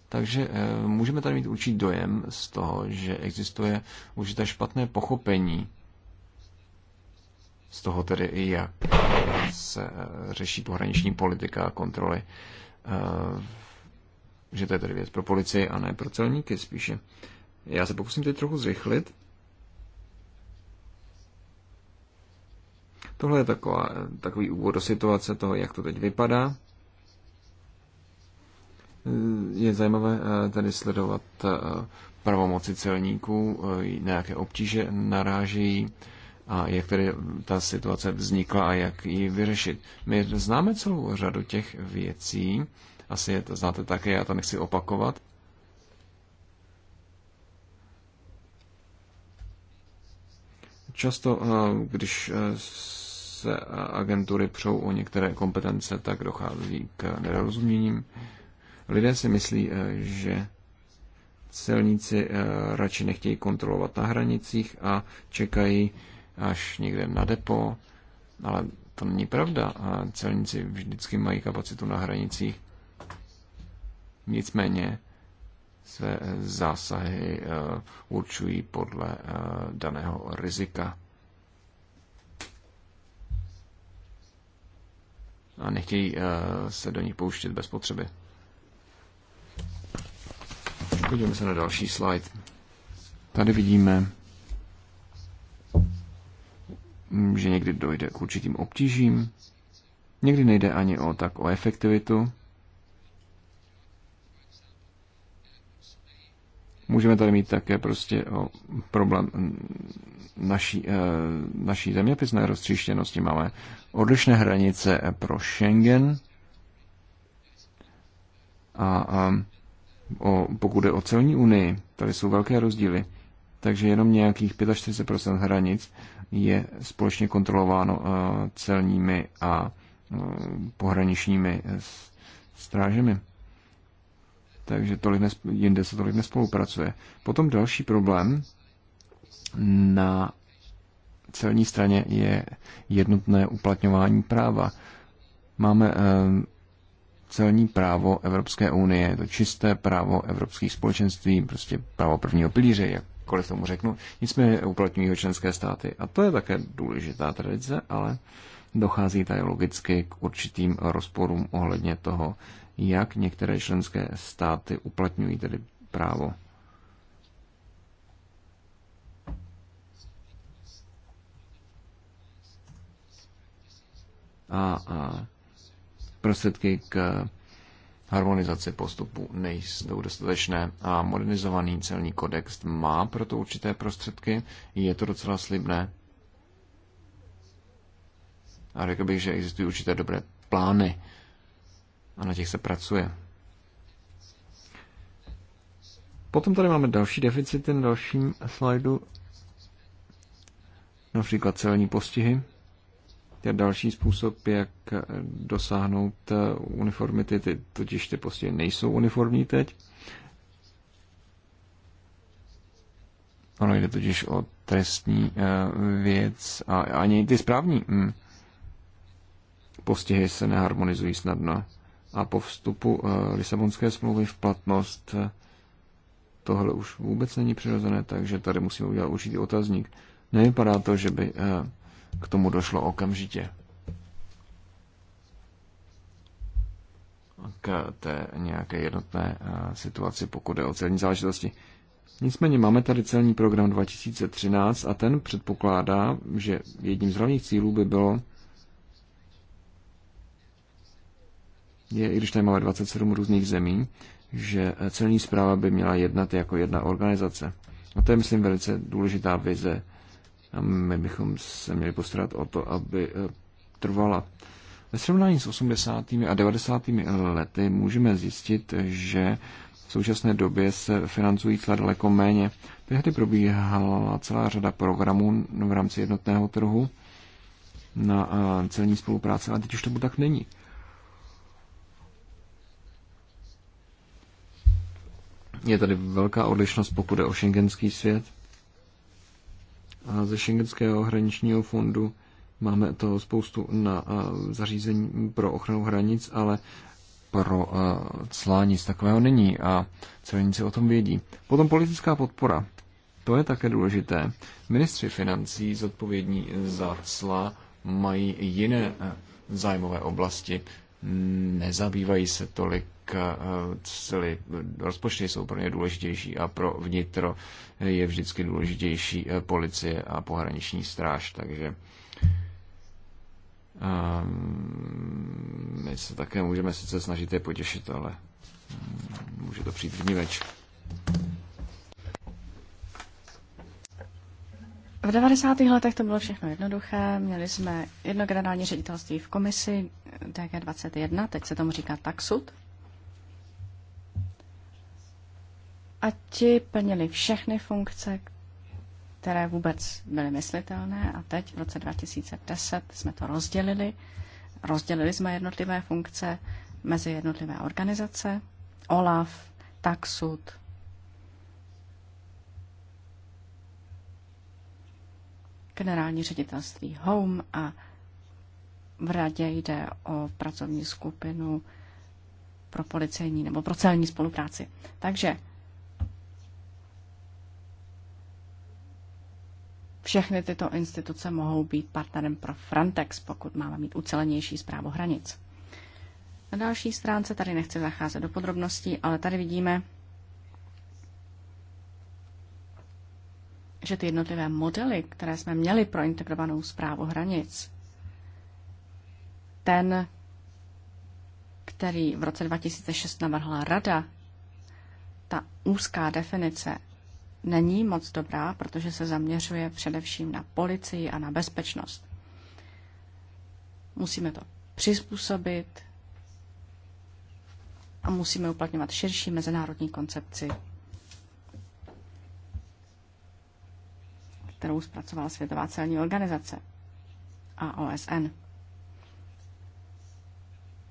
Takže můžeme tady mít určitý dojem z toho, že existuje určité špatné pochopení z toho tedy i jak se řeší pohraniční politika a kontroly, že to je tedy věc pro policii a ne pro celníky spíše. Já se pokusím teď trochu zrychlit. Tohle je taková, takový úvod do situace toho, jak to teď vypadá. Je zajímavé eh, tady sledovat eh, pravomoci celníků, eh, na jaké obtíže narážejí a jak tedy ta situace vznikla a jak ji vyřešit. My známe celou řadu těch věcí, asi je to znáte také, já to nechci opakovat, Často, eh, když eh, se eh, agentury přou o některé kompetence, tak dochází k nerozuměním. Lidé si myslí, že celníci radši nechtějí kontrolovat na hranicích a čekají až někde na depo, ale to není pravda. celníci vždycky mají kapacitu na hranicích. Nicméně své zásahy eh, určují podle eh, daného rizika. A nechtějí eh, se do nich pouštět bez potřeby. Podívejme se na další slide. Tady vidíme, že někdy dojde k určitým obtížím. Někdy nejde ani o tak o efektivitu, Můžeme tady mít také prostě o problém naší, e, naší zeměpisné roztříštěnosti. Máme odlišné hranice pro Schengen a, a o, pokud je o celní unii, tady jsou velké rozdíly. Takže jenom nějakých 45% hranic je společně kontrolováno e, celními a e, pohraničními strážemi takže tolik nesp- jinde se tolik nespolupracuje. Potom další problém na celní straně je jednotné uplatňování práva. Máme eh, celní právo Evropské unie, to čisté právo evropských společenství, prostě právo prvního pilíře, jakkoliv tomu řeknu. Nicméně uplatňují ho členské státy. A to je také důležitá tradice, ale dochází tady logicky k určitým rozporům ohledně toho, jak některé členské státy uplatňují tedy právo. A, a prostředky k harmonizaci postupu nejsou dostatečné a modernizovaný celní kodex má proto určité prostředky, je to docela slibné. A řekl bych, že existují určité dobré plány a na těch se pracuje. Potom tady máme další deficity na dalším slajdu, například celní postihy. To je další způsob, jak dosáhnout uniformity, ty, totiž ty postihy nejsou uniformní teď. Ono jde totiž o trestní eh, věc a ani ty správní hm, postihy se neharmonizují snadno a po vstupu eh, Lisabonské smlouvy v platnost eh, tohle už vůbec není přirozené, takže tady musíme udělat určitý otazník. Nevypadá to, že by eh, k tomu došlo okamžitě. K té nějaké jednotné situaci, pokud je o celní záležitosti. Nicméně máme tady celní program 2013 a ten předpokládá, že jedním z hlavních cílů by bylo je, i když tady máme 27 různých zemí, že eh, celní zpráva by měla jednat jako jedna organizace. A to je, myslím, velice důležitá vize. A my bychom se měli postarat o to, aby eh, trvala. Ve srovnání s 80. a 90. Eh, lety můžeme zjistit, že v současné době se financují cla daleko méně. Tehdy probíhala celá řada programů v rámci jednotného trhu na celní spolupráce, ale teď už to tak není. Je tady velká odlišnost, pokud je o šengenský svět. A ze šengenského hraničního fondu máme to spoustu na zařízení pro ochranu hranic, ale pro clá nic takového není a celníci o tom vědí. Potom politická podpora. To je také důležité. Ministři financí zodpovědní za cla mají jiné e, zájmové oblasti, nezabývají se tolik Eh, cely, rozpočty jsou pro ně důležitější a pro vnitro je vždycky důležitější eh, policie a pohraniční stráž, takže ehm, my se také můžeme sice snažit je potěšit, ale mm, může to přijít vníveč. V 90. letech to bylo všechno jednoduché. Měli jsme jedno generální ředitelství v komisi DG21, teď se tomu říká taxud. a ti plnili všechny funkce, které vůbec byly myslitelné a teď v roce 2010 jsme to rozdělili. Rozdělili jsme jednotlivé funkce mezi jednotlivé organizace, OLAF, Taxud, generální ředitelství Home a v radě jde o pracovní skupinu pro policejní nebo pro celní spolupráci. Takže všechny tyto instituce mohou být partnerem pro Frontex, pokud máme mít ucelenější zprávu hranic. Na další stránce tady nechci zacházet do podrobností, ale tady vidíme, že ty jednotlivé modely, které jsme měli pro integrovanou zprávu hranic, ten, který v roce 2006 navrhla Rada, ta úzká definice není moc dobrá, protože se zaměřuje především na policii a na bezpečnost. Musíme to přizpůsobit a musíme uplatňovat širší mezinárodní koncepci, kterou zpracovala Světová celní organizace a OSN.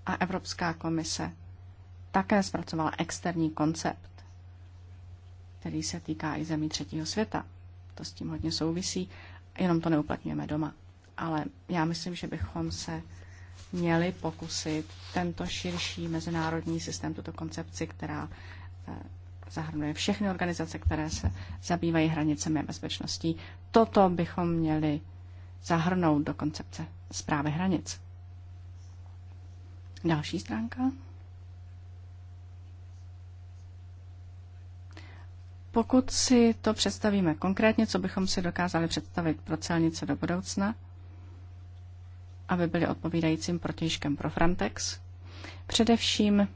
A Evropská komise také zpracovala externí koncept který se týká i zemí třetího světa. To s tím hodně souvisí, jenom to neuplatňujeme doma. Ale já myslím, že bychom se měli pokusit tento širší mezinárodní systém, tuto koncepci, která eh, zahrnuje všechny organizace, které se zabývají hranicemi a bezpečností. Toto bychom měli zahrnout do koncepce zprávy hranic. Další stránka. Pokud si to představíme konkrétně, co bychom si dokázali představit pro celnice do budoucna, aby byly odpovídajícím protižkem pro Frontex, především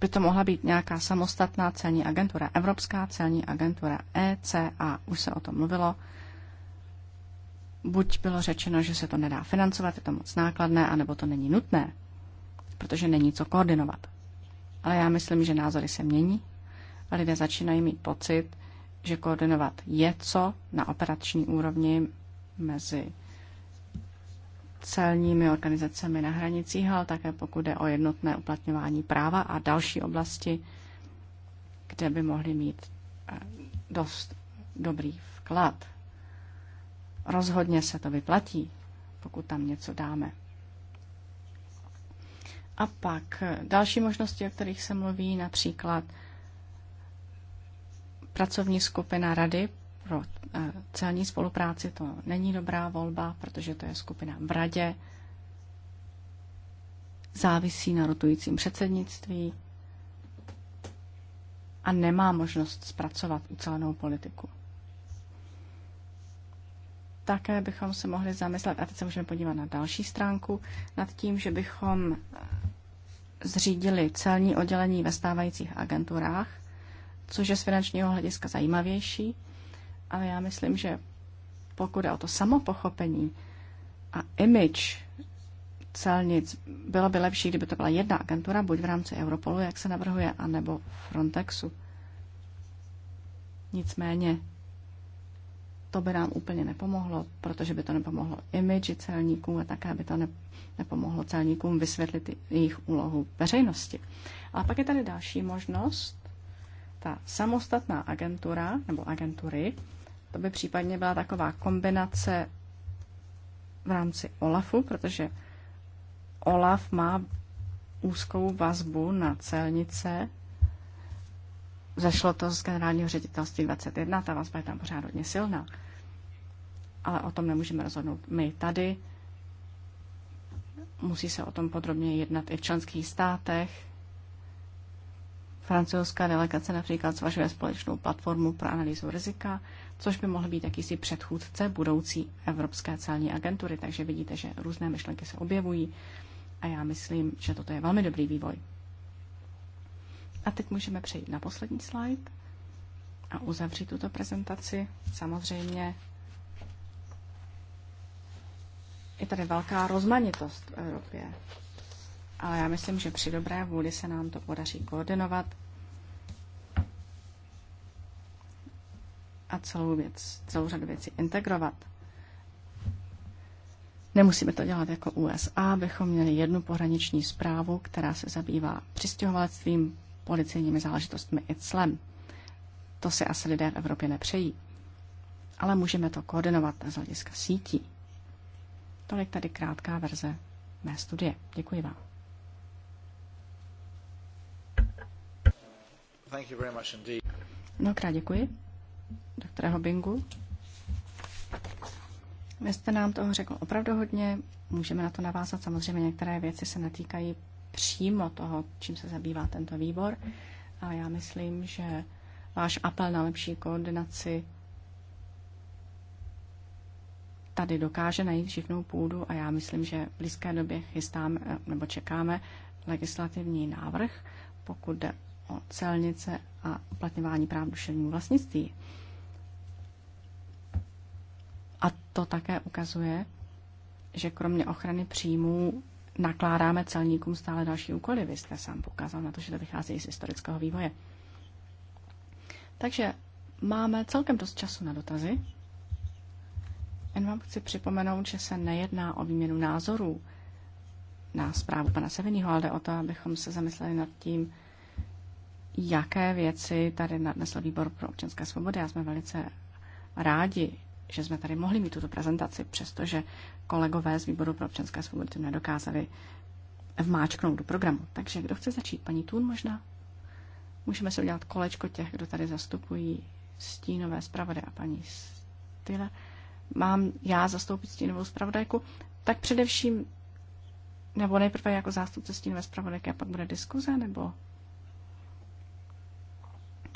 by to mohla být nějaká samostatná celní agentura, Evropská celní agentura ECA, už se o tom mluvilo. Buď bylo řečeno, že se to nedá financovat, je to moc nákladné, anebo to není nutné, protože není co koordinovat. Ale já myslím, že názory se mění a lidé začínají mít pocit, že koordinovat je co na operační úrovni mezi celními organizacemi na hranicích, ale také pokud jde o jednotné uplatňování práva a další oblasti, kde by mohli mít eh, dost dobrý vklad. Rozhodně se to vyplatí, pokud tam něco dáme. A pak další možnosti, o kterých se mluví, například pracovní skupina Rady pro eh, celní spolupráci, to není dobrá volba, protože to je skupina v Radě, závisí na rotujícím předsednictví a nemá možnost zpracovat ucelenou politiku také bychom se mohli zamyslet, a teď se můžeme podívat na další stránku, nad tím, že bychom eh, zřídili celní oddělení ve stávajících agenturách, což je z finančního hlediska zajímavější, ale já myslím, že pokud je o to samopochopení a image celnic, bylo by lepší, kdyby to byla jedna agentura, buď v rámci Europolu, jak se navrhuje, anebo Frontexu. Nicméně to by nám úplně nepomohlo, protože by to nepomohlo imidži celníků a také by to nepomohlo celníkům vysvětlit jejich úlohu veřejnosti. A pak je tady další možnost, ta samostatná agentura nebo agentury, to by případně byla taková kombinace v rámci OLAFu, protože OLAF má úzkou vazbu na celnice, Zašlo to z generálního ředitelství 21, ta vazba je tam pořád hodně silná. Ale o tom nemůžeme rozhodnout my tady. Musí se o tom podrobně jednat i v členských státech. Francouzská delegace například zvažuje společnou platformu pro analýzu rizika, což by mohl být jakýsi předchůdce budoucí Evropské celní agentury. Takže vidíte, že různé myšlenky se objevují a já myslím, že toto je velmi dobrý vývoj. A teď můžeme přejít na poslední slide a uzavřít tuto prezentaci. Samozřejmě je tady velká rozmanitost v Evropě, ale já myslím, že při dobré vůli se nám to podaří koordinovat a celou věc, celou řadu věcí integrovat. Nemusíme to dělat jako USA, abychom měli jednu pohraniční zprávu, která se zabývá přistěhovalectvím, policejními záležitostmi i clem. To si asi lidé v Evropě nepřejí. Ale můžeme to koordinovat z hlediska sítí. Tolik tady krátká verze mé studie. Děkuji vám. Thank you very much indeed. Mnohokrát děkuji, doktore Hobingu. Vy jste nám toho řekl opravdu hodně, můžeme na to navázat. Samozřejmě některé věci se netýkají přímo toho, čím se zabývá tento výbor. A já myslím, že váš apel na lepší koordinaci tady dokáže najít živnou půdu a já myslím, že v blízké době chystáme nebo čekáme legislativní návrh, pokud jde o celnice a uplatňování práv duševního vlastnictví. A to také ukazuje, že kromě ochrany příjmů nakládáme celníkům stále další úkoly. Vy jste sám poukázal na to, že to vychází z historického vývoje. Takže máme celkem dost času na dotazy. Jen vám chci připomenout, že se nejedná o výměnu názorů na zprávu pana Seviního, ale o to, abychom se zamysleli nad tím, jaké věci tady nadnesl výbor pro občanské svobody. Já jsme velice rádi, že jsme tady mohli mít tuto prezentaci, přestože kolegové z Výboru pro občanské svobody to nedokázali vmáčknout do programu. Takže kdo chce začít? Paní Tun možná? Můžeme si udělat kolečko těch, kdo tady zastupují stínové zpravody a paní Style. Mám já zastoupit stínovou zpravodajku? Tak především, nebo nejprve jako zástupce stínové zpravodajky a pak bude diskuze, nebo...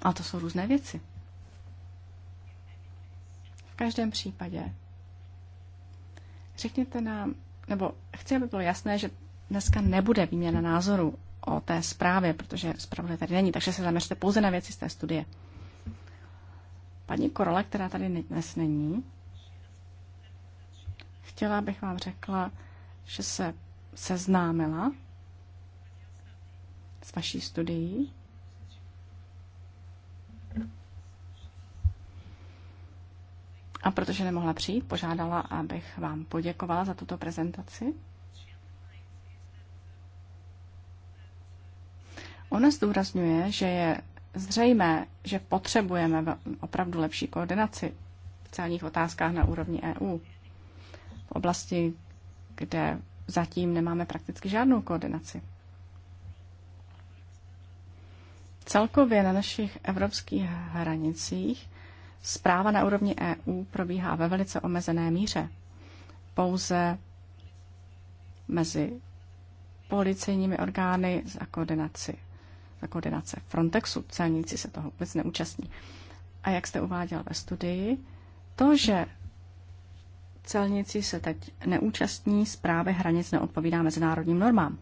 Ale to jsou různé věci každém případě řekněte nám, nebo chci, aby bylo jasné, že dneska nebude výměna názoru o té zprávě, protože zpravodaj tady není, takže se zaměřte pouze na věci z té studie. Paní Korola, která tady dnes není, chtěla bych vám řekla, že se seznámila s vaší studií A protože nemohla přijít, požádala, abych vám poděkovala za tuto prezentaci. Ona zdůrazňuje, že je zřejmé, že potřebujeme opravdu lepší koordinaci v celních otázkách na úrovni EU. V oblasti, kde zatím nemáme prakticky žádnou koordinaci. Celkově na našich evropských hranicích Zpráva na úrovni EU probíhá ve velice omezené míře. Pouze mezi policejními orgány za koordinaci, za koordinace Frontexu. Celníci se toho vůbec neúčastní. A jak jste uváděl ve studii, to, že celníci se teď neúčastní zprávy hranic neodpovídá mezinárodním normám.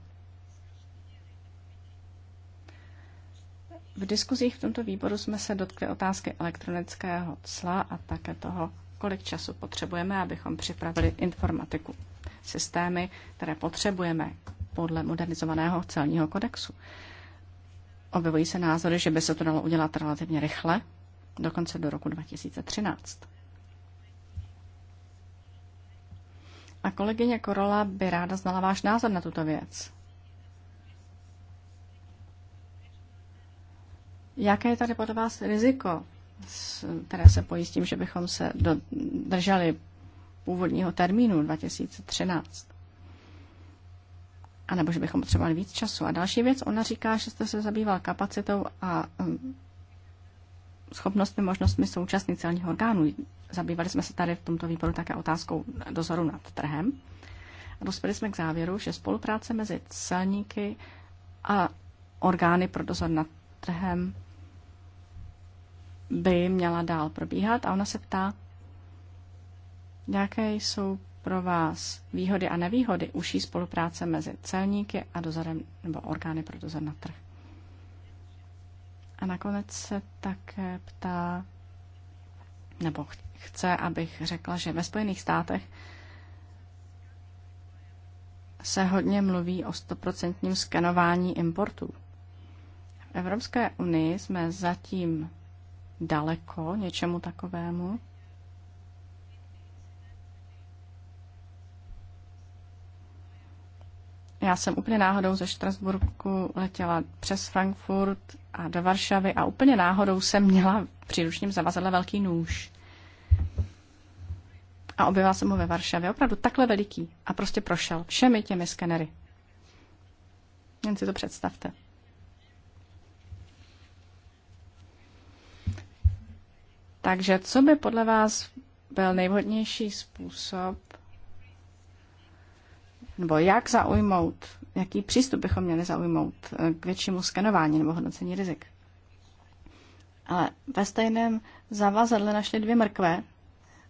V diskuzích v tomto výboru jsme se dotkli otázky elektronického cla a také toho, kolik času potřebujeme, abychom připravili informatiku, systémy, které potřebujeme podle modernizovaného celního kodexu. Objevují se názory, že by se to dalo udělat relativně rychle, dokonce do roku 2013. A kolegyně Korola by ráda znala váš názor na tuto věc. Jaké je tady pod vás riziko, které se pojí tím, že bychom se drželi původního termínu 2013? A nebo že bychom potřebovali víc času. A další věc, ona říká, že jste se zabýval kapacitou a um, schopnostmi, možnostmi současných celních orgánů. Zabývali jsme se tady v tomto výboru také otázkou dozoru nad trhem. A dospěli jsme k závěru, že spolupráce mezi celníky a orgány pro dozor nad trhem by měla dál probíhat. A ona se ptá, jaké jsou pro vás výhody a nevýhody užší spolupráce mezi celníky a dozorem nebo orgány pro dozor na trh. A nakonec se také ptá, nebo chce, abych řekla, že ve Spojených státech se hodně mluví o stoprocentním skenování importů. V Evropské unii jsme zatím daleko něčemu takovému. Já jsem úplně náhodou ze Štrasburku letěla přes Frankfurt a do Varšavy a úplně náhodou jsem měla při příručním zavazadle velký nůž. A objevila jsem ho ve Varšavě, opravdu takhle veliký. A prostě prošel všemi těmi skenery. Jen si to představte. Takže co by podle vás byl nejvhodnější způsob, nebo jak zaujmout, jaký přístup bychom měli zaujmout eh, k většímu skenování nebo hodnocení rizik? Ale ve stejném zavazadle našli dvě mrkve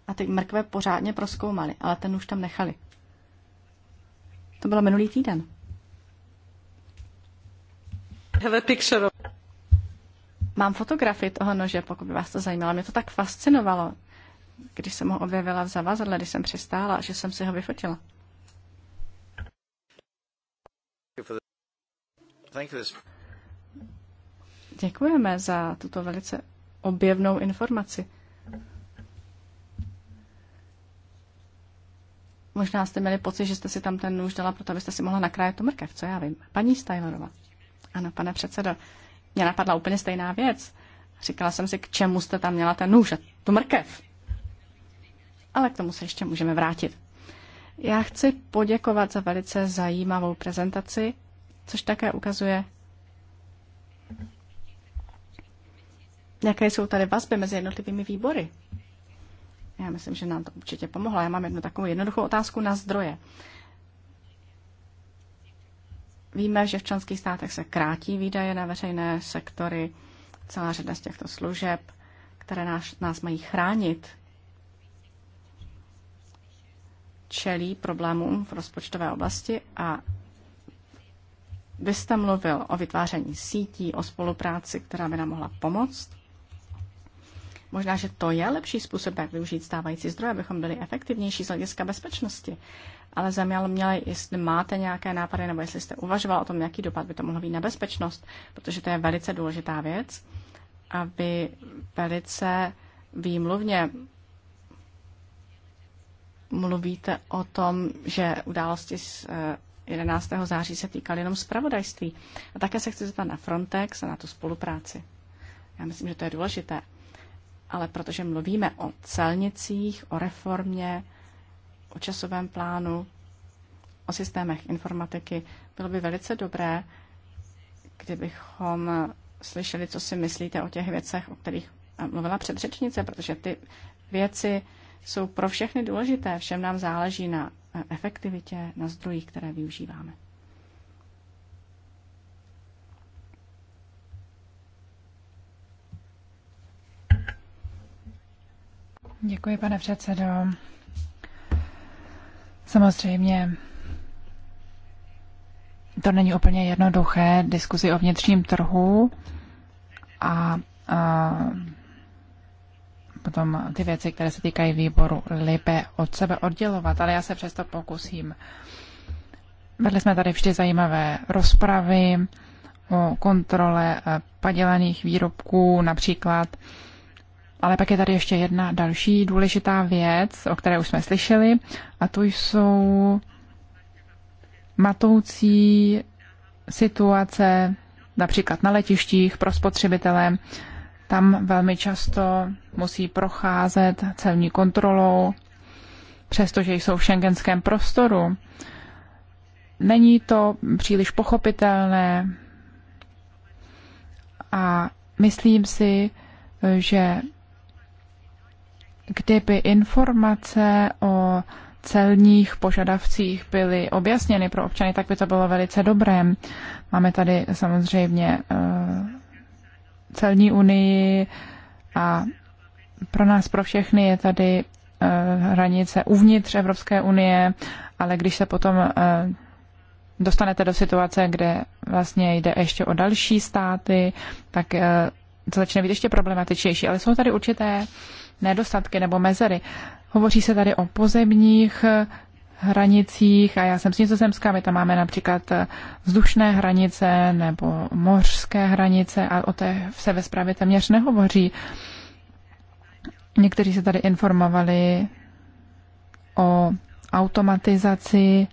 a ty mrkve pořádně proskoumali, ale ten už tam nechali. To bylo minulý týden. Have a picture of Mám fotografii toho nože, pokud by vás to zajímalo. Mě to tak fascinovalo, když jsem ho objevila v zavazadle, když jsem přistála, že jsem si ho vyfotila. Děkujeme za tuto velice objevnou informaci. Možná jste měli pocit, že jste si tam ten nůž dala, proto abyste si mohla nakrájet tu mrkev, co já vím. Paní Stylerová. Ano, pane předsedo mě napadla úplně stejná věc. Říkala jsem si, k čemu jste tam měla ten nůž a tu mrkev. Ale k tomu se ještě můžeme vrátit. Já chci poděkovat za velice zajímavou prezentaci, což také ukazuje, jaké jsou tady vazby mezi jednotlivými výbory. Já myslím, že nám to určitě pomohlo. Já mám jednu takovou jednoduchou otázku na zdroje. Uh, Víme, že v členských státech se krátí výdaje na veřejné sektory, celá řada z těchto služeb, které nás, nás mají chránit, čelí problémům v rozpočtové oblasti a vy jste mluvil o vytváření sítí, o spolupráci, která by nám mohla pomoct. Možná, že to je lepší způsob, jak využít stávající zdroje, abychom byli efektivnější z hlediska bezpečnosti ale zajímalo mě, jestli máte nějaké nápady nebo jestli jste uvažoval o tom, jaký dopad by to mohlo být na bezpečnost, protože to je velice důležitá věc a vy velice výmluvně mluvíte o tom, že události z 11. Eh, září se týkaly jenom zpravodajství. A také se chci zeptat na Frontex a na tu spolupráci. Já myslím, že to je důležité. Ale protože mluvíme o celnicích, o reformě, o časovém plánu, o systémech informatiky. Bylo by velice dobré, kdybychom slyšeli, co si myslíte o těch věcech, o kterých eh, mluvila předřečnice, protože ty věci jsou pro všechny důležité. Všem nám záleží na eh, efektivitě, na zdrojích, které využíváme. Děkuji, pane předsedo. Samozřejmě to není úplně jednoduché, diskuzi o vnitřním trhu a, a potom ty věci, které se týkají výboru LIBE, od sebe oddělovat, ale já se přesto pokusím. Vedli jsme tady vždy zajímavé rozpravy o kontrole eh, padělaných výrobků, například ale pak je tady ještě jedna další důležitá věc, o které už jsme slyšeli, a to jsou matoucí situace například na letištích pro spotřebitele. Tam velmi často musí procházet celní kontrolou, přestože jsou v šengenském prostoru. Není to příliš pochopitelné a myslím si, že kdyby informace o celních požadavcích byly objasněny pro občany, tak by to bylo velice dobré. Máme tady samozřejmě eh, celní unii a pro nás, pro všechny je tady eh, hranice uvnitř Evropské unie, ale když se potom eh, dostanete do situace, kde vlastně jde ještě o další státy, tak to začne být ještě problematičnější. Ale jsou tady určité nedostatky nebo mezery. Hovoří se tady o pozemních hranicích a já jsem s Nizozemska, my tam máme například vzdušné hranice nebo mořské hranice a o té se ve zprávě téměř nehovoří. Někteří se tady informovali o automatizaci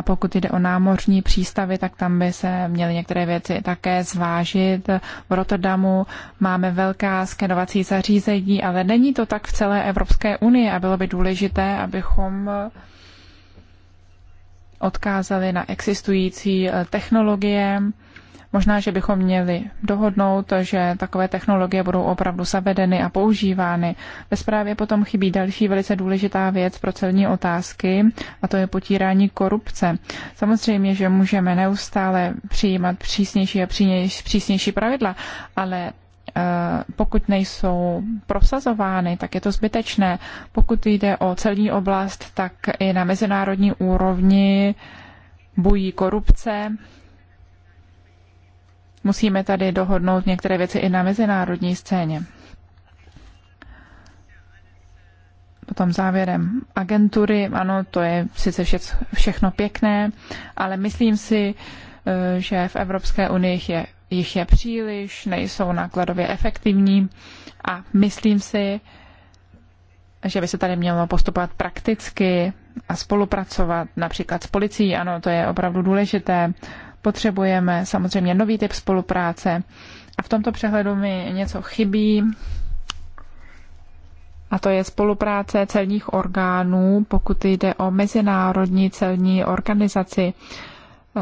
a pokud jde o námořní přístavy, tak tam by se měly některé věci také zvážit. V Rotterdamu máme velká skenovací zařízení, ale není to tak v celé Evropské unii a bylo by důležité, abychom odkázali na existující eh, technologie Možná, že bychom měli dohodnout, že takové technologie budou opravdu zavedeny a používány. Ve zprávě potom chybí další velice důležitá věc pro celní otázky, a to je potírání korupce. Samozřejmě, že můžeme neustále přijímat přísnější a přísnější pravidla, ale eh, pokud nejsou prosazovány, tak je to zbytečné. Pokud jde o celní oblast, tak i na mezinárodní úrovni bují korupce Musíme tady dohodnout některé věci i na mezinárodní scéně. Potom závěrem agentury, ano, to je sice vše, všechno pěkné, ale myslím si, eh, že v Evropské unii je, jich je příliš, nejsou nákladově efektivní a myslím si, že by se tady mělo postupovat prakticky a spolupracovat například s policií. Ano, to je opravdu důležité. Potřebujeme samozřejmě nový typ spolupráce a v tomto přehledu mi něco chybí. A to je spolupráce celních orgánů, pokud jde o mezinárodní celní organizaci.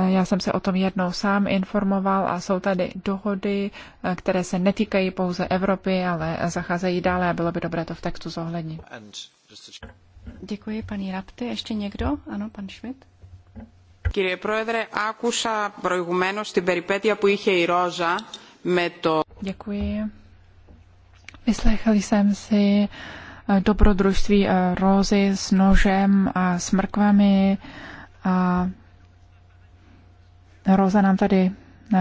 Já jsem se o tom jednou sám informoval a jsou tady dohody, které se netýkají pouze Evropy, ale zacházejí dále a bylo by dobré to v textu zohlednit. Děkuji, paní Rapty. Ještě někdo? Ano, pan Schmidt? Κύριε Πρόεδρε, άκουσα προηγουμένως την περιπέτεια που είχε η Ρόζα με το... Děkuji. vyslechli jsem si eh, dobrodružství eh, Rózy s nožem a s mrkvami a Róza nám tady eh,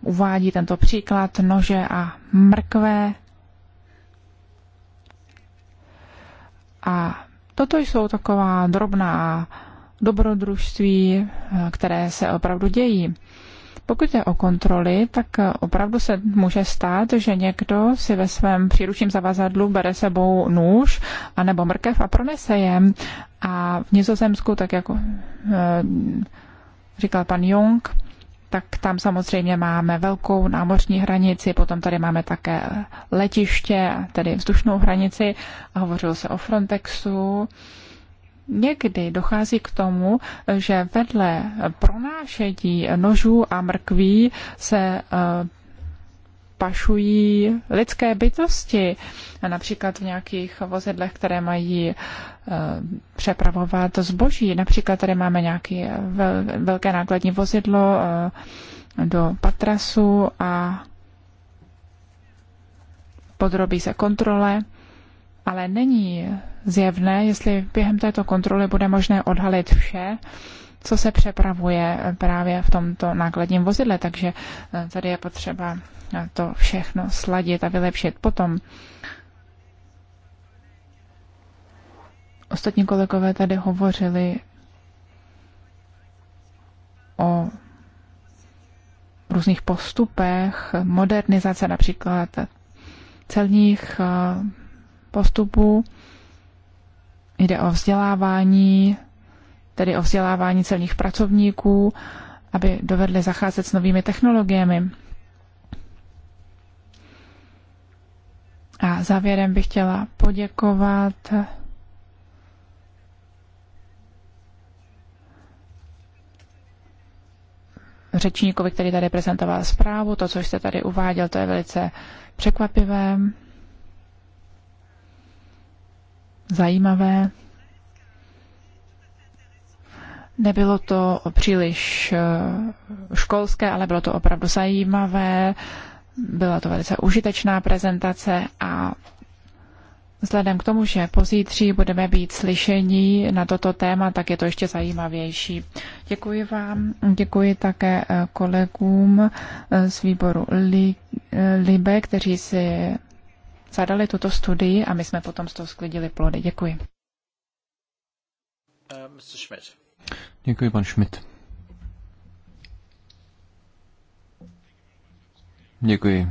uvádí tento příklad nože a mrkve. A toto jsou taková drobná dobrodružství, eh, které se opravdu dějí. Pokud je o kontroly, tak eh, opravdu se může stát, že někdo si ve svém příručním zavazadlu bere sebou nůž anebo mrkev a pronese je. A v Nizozemsku, tak jako eh, říkal pan Jung, tak tam samozřejmě máme velkou námořní hranici, potom tady máme také letiště, tedy vzdušnou hranici a hovořilo se o Frontexu Někdy dochází k tomu, že vedle pronášení nožů a mrkví se eh, pašují lidské bytosti, například v nějakých vozidlech, které mají eh, přepravovat zboží. Například tady máme nějaké eh, velké nákladní vozidlo do patrasu a podrobí se kontrole, ale není zjevné, jestli během této kontroly bude možné odhalit vše, co se přepravuje právě v tomto nákladním vozidle. Takže eh, tady je potřeba eh, to všechno sladit a vylepšit. Potom ostatní kolegové tady hovořili o různých postupech, modernizace například celních eh, postupů. Jde o vzdělávání, tedy o vzdělávání celních pracovníků, aby dovedli zacházet s novými technologiemi. A závěrem bych chtěla poděkovat řečníkovi, který tady prezentoval zprávu. To, co jste tady uváděl, to je velice překvapivé zajímavé. Nebylo to příliš eh, školské, ale bylo to opravdu zajímavé. Byla to velice užitečná prezentace a Vzhledem k tomu, že pozítří budeme být slyšení na toto téma, tak je to ještě zajímavější. Děkuji vám, děkuji také eh, kolegům eh, z výboru Libe, kteří si zadali tuto studii a my jsme potom z toho sklidili plody. Děkuji. Uh, Děkuji, pan Schmidt. Děkuji.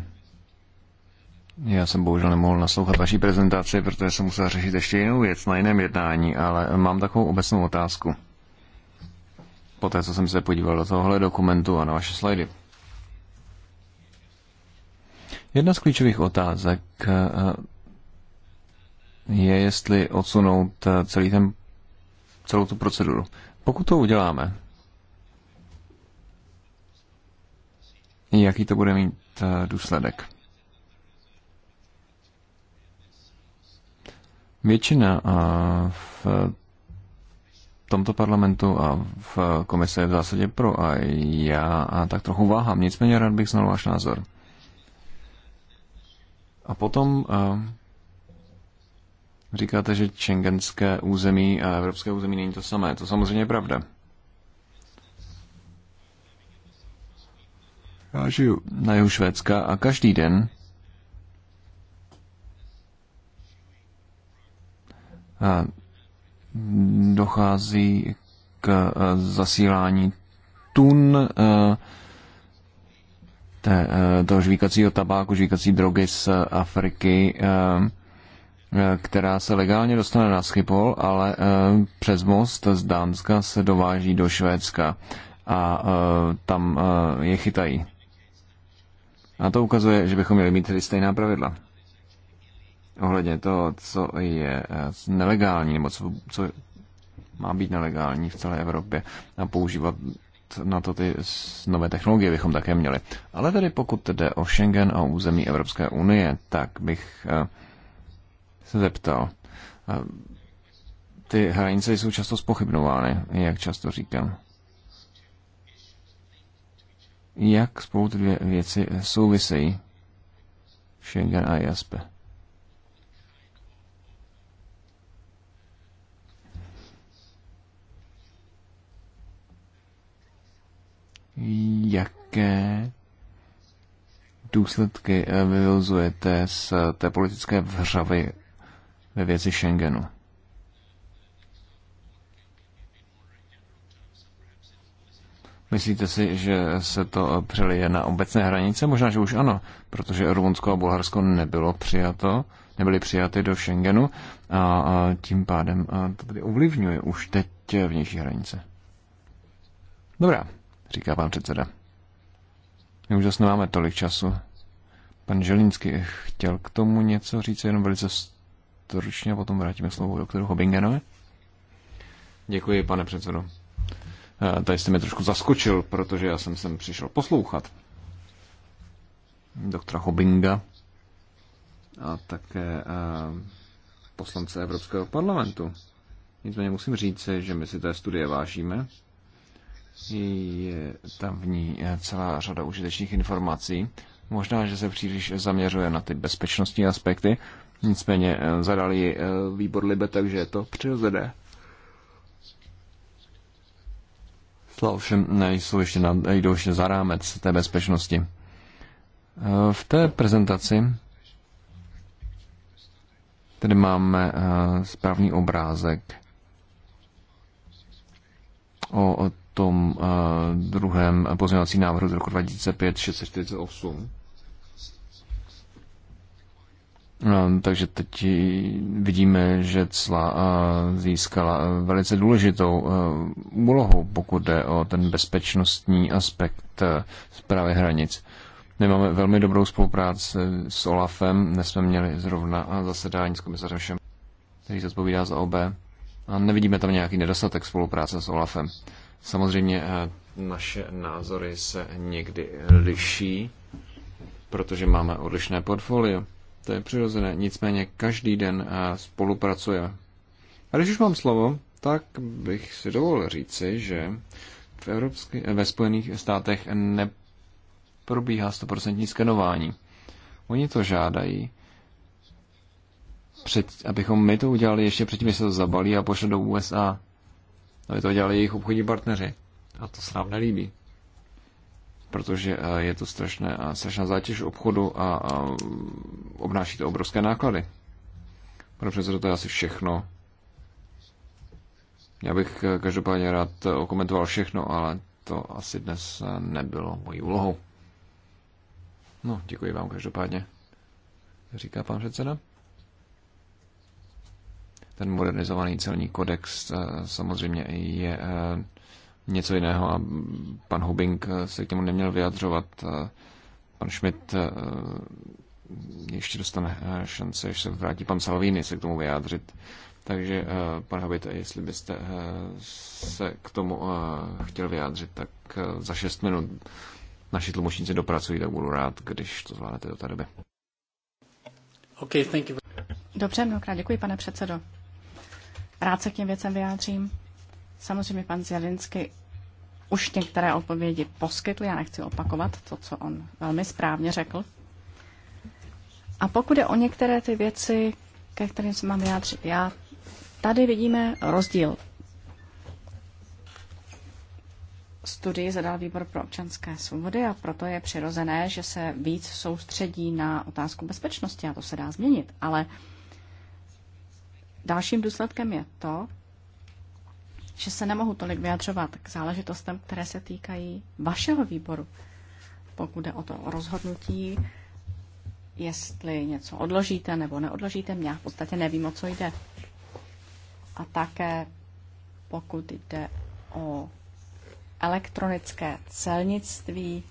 Já jsem bohužel nemohl naslouchat vaší prezentaci, protože jsem musel řešit ještě jinou věc na jiném jednání, ale mám takovou obecnou otázku. Poté, co jsem se podíval do tohohle dokumentu a na vaše slajdy. Jedna z klíčových otázek eh, je, jestli odsunout eh, celý ten, celou tu proceduru. Pokud to uděláme, jaký to bude mít eh, důsledek? Většina v tomto parlamentu a v komise je v zásadě pro a já tak trochu váhám. Nicméně rád bych znal váš názor. A potom eh, říkáte, že čengenské území a evropské území není to samé. To samozřejmě je pravda. Já žiju na jihu Švédska a každý den dochází k eh, zasílání tun eh, té, eh, toho žvíkacího tabáku, žvíkací drogy z Afriky, eh, eh, která se legálně dostane na Schiphol, ale přes most z Dánska se dováží do Švédska a tam je chytají. A to ukazuje, že bychom měli mít tedy stejná pravidla. Ohledně toho, co je nelegální, nebo co, co má být nelegální v celé Evropě a používat na to ty nové technologie bychom také měli. Ale tedy pokud jde o Schengen a území Evropské unie, tak bych eh, se zeptal. Eh, ty hranice jsou často spochybnovány, jak často říkám. Jak spolu ty dvě věci souvisejí? Schengen a Jaspe? jaké důsledky eh, vyvozujete z eh, té politické vřavy ve věci Schengenu? Myslíte si, že se to eh, přelije na obecné hranice? Možná, že už ano, protože Rumunsko a Bulharsko nebylo přijato, nebyly přijaty do Schengenu a tím pádem to tedy ovlivňuje už teď vnější hranice. Dobrá říká pán předseda. My už zase nemáme tolik času. Pan Želinský chtěl k tomu něco říct, jenom velice stručně, a potom vrátíme slovo doktoru Hobingenovi. Děkuji, pane předsedo. Eh, tady jste mě trošku zaskočil, protože já jsem sem přišel poslouchat doktora Hobinga a také eh, poslance Evropského parlamentu. Nicméně musím říct, že my si té studie vážíme je tam v ní eh, celá řada užitečných informací. Možná, že se příliš zaměřuje na ty bezpečnostní aspekty, nicméně eh, zadali eh, výbor Libe, takže je to přirozené. Sla ovšem nejsou ještě na, jdou ještě za rámec té bezpečnosti. V té prezentaci Tady máme správný obrázek o tom uh, druhém pozměňovacím návrhu z roku 2005 648. No, takže teď vidíme, že cla eh, získala eh, velice důležitou úlohu, pokud jde o ten bezpečnostní aspekt zprávy hranic. My máme velmi dobrou spolupráci s Olafem, dnes jsme měli zrovna zasedání s komisařem Šem, který se zpovídá za OB a nevidíme tam nějaký nedostatek spolupráce s Olafem. Samozřejmě eh, naše názory se někdy liší, protože máme odlišné portfolio. To je přirozené. Nicméně každý den eh, spolupracujeme. A když už mám slovo, tak bych si dovolil říci, že v Evropské, eh, ve Spojených státech neprobíhá 100% skenování. Oni to žádají, před, abychom my to udělali ještě předtím, než se to zabalí a pošle do USA aby to dělali jejich obchodní partneři. A to se nám nelíbí. Protože eh, je to strašné, eh, strašná zátěž obchodu a, a obnáší to obrovské náklady. Pane předsedo, to je asi všechno. Já bych eh, každopádně rád okomentoval všechno, ale to asi dnes nebylo mojí úlohou. No, děkuji vám každopádně, říká pan předseda. Ten modernizovaný celní kodex eh, samozřejmě je eh, něco jiného a pan Hubing eh, se k němu neměl vyjadřovat. Pan Schmidt ještě dostane šance, až se vrátí pan Salvini se k tomu vyjádřit. Takže, pan Habite, jestli byste se k tomu chtěl vyjádřit, tak za šest minut naši tlumočníci dopracují, tak budu rád, když to zvládnete do té doby. Okay, thank you. Dobře, mnohokrát děkuji, pane předsedo. Rád se k těm věcem vyjádřím. Samozřejmě pan Zjelinsky už některé odpovědi poskytl, já nechci opakovat to, co on velmi správně řekl. A pokud je o některé ty věci, ke kterým se mám vyjádřit já, tady vidíme rozdíl. Studii zadal výbor pro občanské svobody a proto je přirozené, že se víc soustředí na otázku bezpečnosti a to se dá změnit. Ale Dalším důsledkem je to, že se nemohu tolik vyjadřovat k záležitostem, které se týkají vašeho výboru. Pokud jde o to rozhodnutí, jestli něco odložíte nebo neodložíte, já v podstatě nevím, o co jde. A také pokud jde o elektronické celnictví,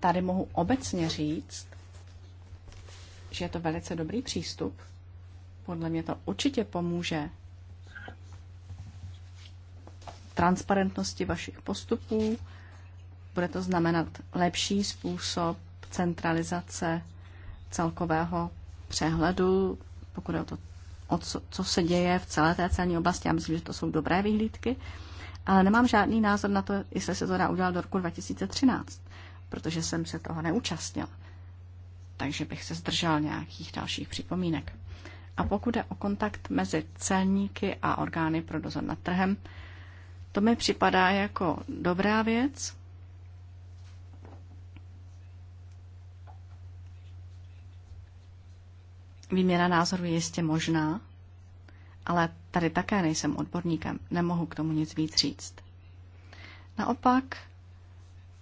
tady mohu obecně říct, že je to velice dobrý přístup, podle mě to určitě pomůže transparentnosti vašich postupů. Bude to znamenat lepší způsob centralizace celkového přehledu, pokud je o to, o co, co se děje v celé té celní oblasti. Já myslím, že to jsou dobré vyhlídky, ale nemám žádný názor na to, jestli se to dá udělat do roku 2013, protože jsem se toho neúčastnil. Takže bych se zdržel nějakých dalších připomínek. A pokud je o kontakt mezi celníky a orgány pro dozor nad trhem, to mi připadá jako dobrá věc. Výměna názoru je jistě možná, ale tady také nejsem odborníkem, nemohu k tomu nic víc říct. Naopak,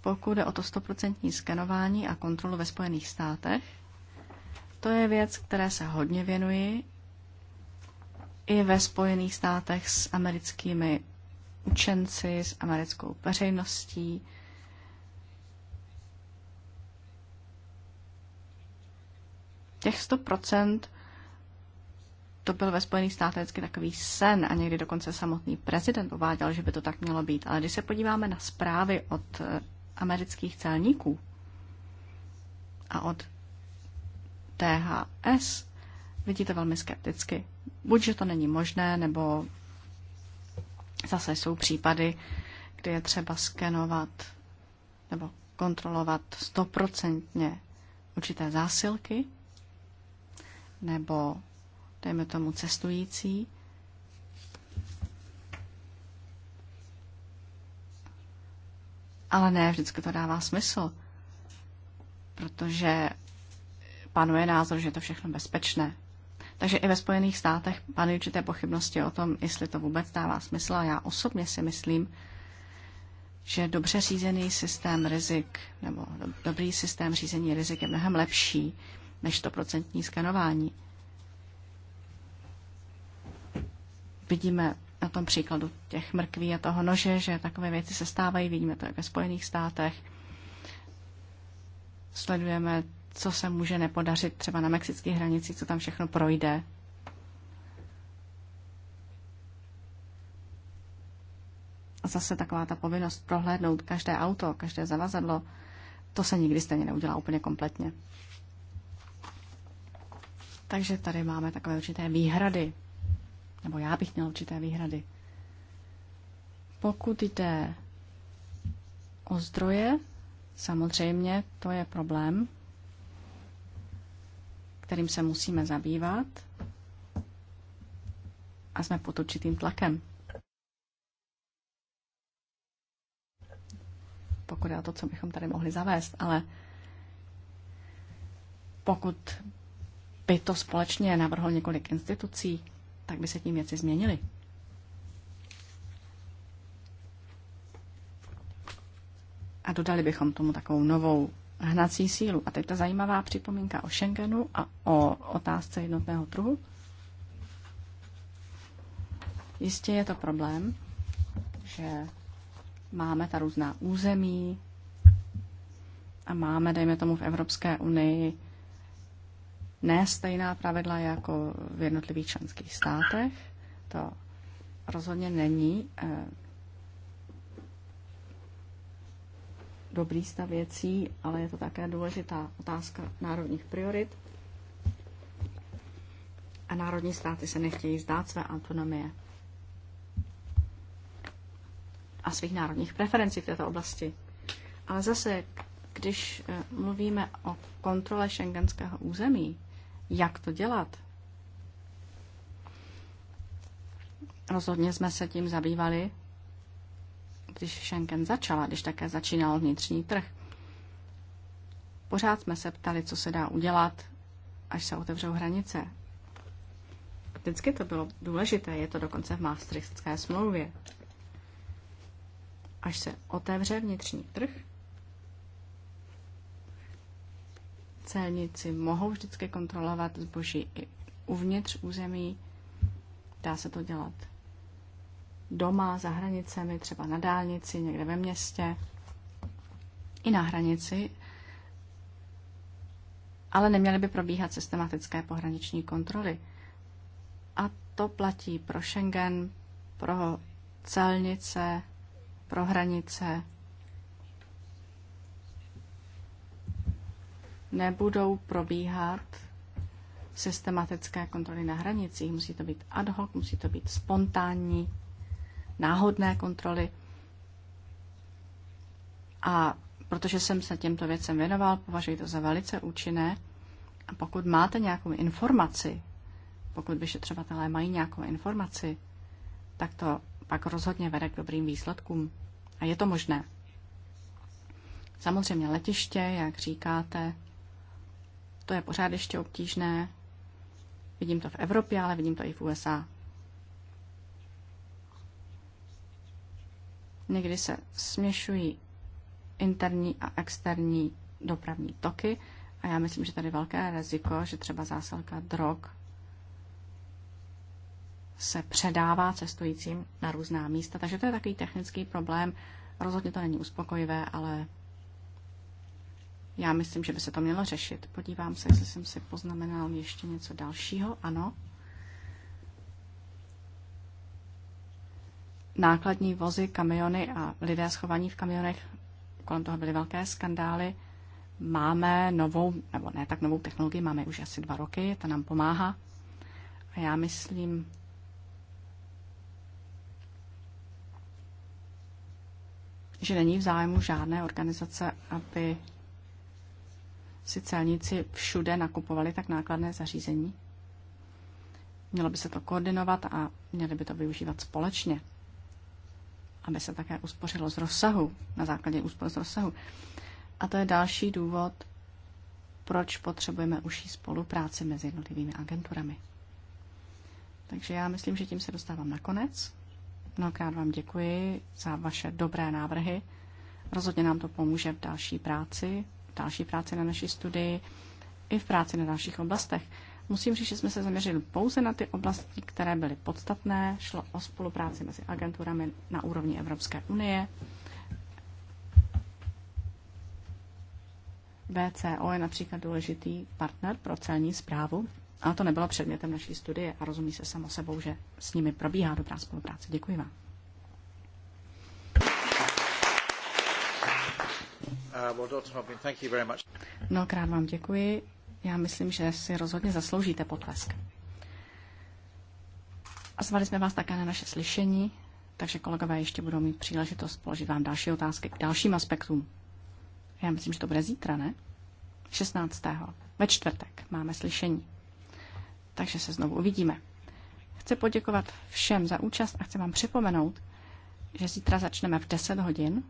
pokud jde o to stoprocentní skenování a kontrolu ve Spojených státech, to je věc, které se hodně věnuji i ve Spojených státech s americkými učenci, s americkou veřejností. Těch 100% to byl ve Spojených státech vždycky takový sen a někdy dokonce samotný prezident uváděl, že by to tak mělo být. Ale když se podíváme na zprávy od eh, amerických celníků a od THS vidíte velmi skepticky. Buď, že to není možné, nebo zase jsou případy, kdy je třeba skenovat nebo kontrolovat stoprocentně určité zásilky, nebo dejme tomu cestující. Ale ne, vždycky to dává smysl, protože panuje názor, že je to všechno bezpečné. Takže i ve Spojených státech panují určité pochybnosti o tom, jestli to vůbec dává smysl. A já osobně si myslím, že dobře řízený systém rizik nebo dobrý systém řízení rizik je mnohem lepší než to procentní skanování. Vidíme na tom příkladu těch mrkví a toho nože, že takové věci se stávají, vidíme to jak ve Spojených státech. Sledujeme co se může nepodařit třeba na mexických hranicích, co tam všechno projde. A zase taková ta povinnost prohlédnout každé auto, každé zavazadlo, to se nikdy stejně neudělá úplně kompletně. Takže tady máme takové určité výhrady, nebo já bych měl určité výhrady. Pokud jde o zdroje, samozřejmě to je problém kterým se musíme zabývat a jsme pod určitým tlakem. Pokud je to, co bychom tady mohli zavést, ale pokud by to společně navrhl několik institucí, tak by se tím věci změnily. A dodali bychom tomu takovou novou hnací sílu. A teď ta zajímavá připomínka o Schengenu a o otázce jednotného trhu. Jistě je to problém, že máme ta různá území a máme, dejme tomu, v Evropské unii ne stejná pravidla jako v jednotlivých členských státech. To rozhodně není eh, dobrý stav věcí, ale je to také důležitá otázka národních priorit. A národní státy se nechtějí zdát své autonomie a svých národních preferencí v této oblasti. Ale zase, když eh, mluvíme o kontrole šengenského území, jak to dělat? Rozhodně jsme se tím zabývali když Schengen začala, když také začínal vnitřní trh. Pořád jsme se ptali, co se dá udělat, až se otevřou hranice. Vždycky to bylo důležité, je to dokonce v Maastrichtské smlouvě. Až se otevře vnitřní trh, celníci mohou vždycky kontrolovat zboží i uvnitř území. Dá se to dělat doma, za hranicemi, třeba na dálnici, někde ve městě, i na hranici, ale neměly by probíhat systematické pohraniční kontroly. A to platí pro Schengen, pro celnice, pro hranice. Nebudou probíhat systematické kontroly na hranicích. Musí to být ad hoc, musí to být spontánní, náhodné kontroly. A protože jsem se těmto věcem věnoval, považuji to za velice účinné. A pokud máte nějakou informaci, pokud vyšetřovatelé mají nějakou informaci, tak to pak rozhodně vede k dobrým výsledkům. A je to možné. Samozřejmě letiště, jak říkáte, to je pořád ještě obtížné. Vidím to v Evropě, ale vidím to i v USA. Někdy se směšují interní a externí dopravní toky a já myslím, že tady velké riziko, že třeba zásilka drog se předává cestujícím na různá místa. Takže to je takový technický problém. Rozhodně to není uspokojivé, ale já myslím, že by se to mělo řešit. Podívám se, jestli jsem si poznamenal ještě něco dalšího. Ano. nákladní vozy, kamiony a lidé schovaní v kamionech, kolem toho byly velké skandály. Máme novou, nebo ne tak novou technologii, máme už asi dva roky, ta nám pomáhá. A já myslím, že není v zájmu žádné organizace, aby si celníci všude nakupovali tak nákladné zařízení. Mělo by se to koordinovat a měli by to využívat společně aby se také uspořilo z rozsahu, na základě úspor z rozsahu. A to je další důvod, proč potřebujeme užší spolupráci mezi jednotlivými agenturami. Takže já myslím, že tím se dostávám na konec. Mnohokrát vám děkuji za vaše dobré návrhy. Rozhodně nám to pomůže v další práci, v další práci na naší studii i v práci na dalších oblastech. Musím říct, že jsme se zaměřili pouze na ty oblasti, které byly podstatné. Šlo o spolupráci mezi agenturami na úrovni Evropské unie. VCO je například důležitý partner pro celní zprávu, ale to nebylo předmětem naší studie a rozumí se samo sebou, že s nimi probíhá dobrá spolupráce. Děkuji vám. Uh, Mnohokrát vám děkuji já myslím, že si rozhodně zasloužíte potlesk. A zvali jsme vás také na naše slyšení, takže kolegové ještě budou mít příležitost položit vám další otázky k dalším aspektům. Já myslím, že to bude zítra, ne? 16. Ve čtvrtek máme slyšení. Takže se znovu uvidíme. Chci poděkovat všem za účast a chci vám připomenout, že zítra začneme v 10 hodin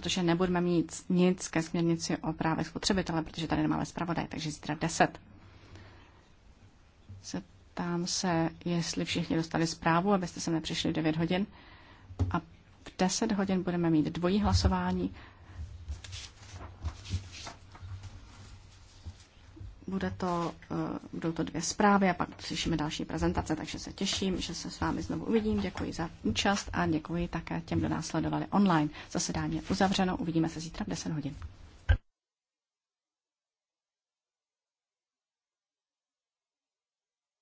protože nebudeme mít nic ke směrnici o právech spotřebitele, protože tady nemáme zpravodaj, takže zítra 10. Zeptám se, jestli všichni dostali zprávu, abyste se nepřišli 9 hodin. A v 10 hodin budeme mít dvojí hlasování Bude to, eh, budou to dvě zprávy a pak slyšíme další prezentace, takže se těším, že se s vámi znovu uvidím. Děkuji za účast a děkuji také těm, kdo nás sledovali online. Zasedání je uzavřeno, uvidíme se zítra v 10 hodin.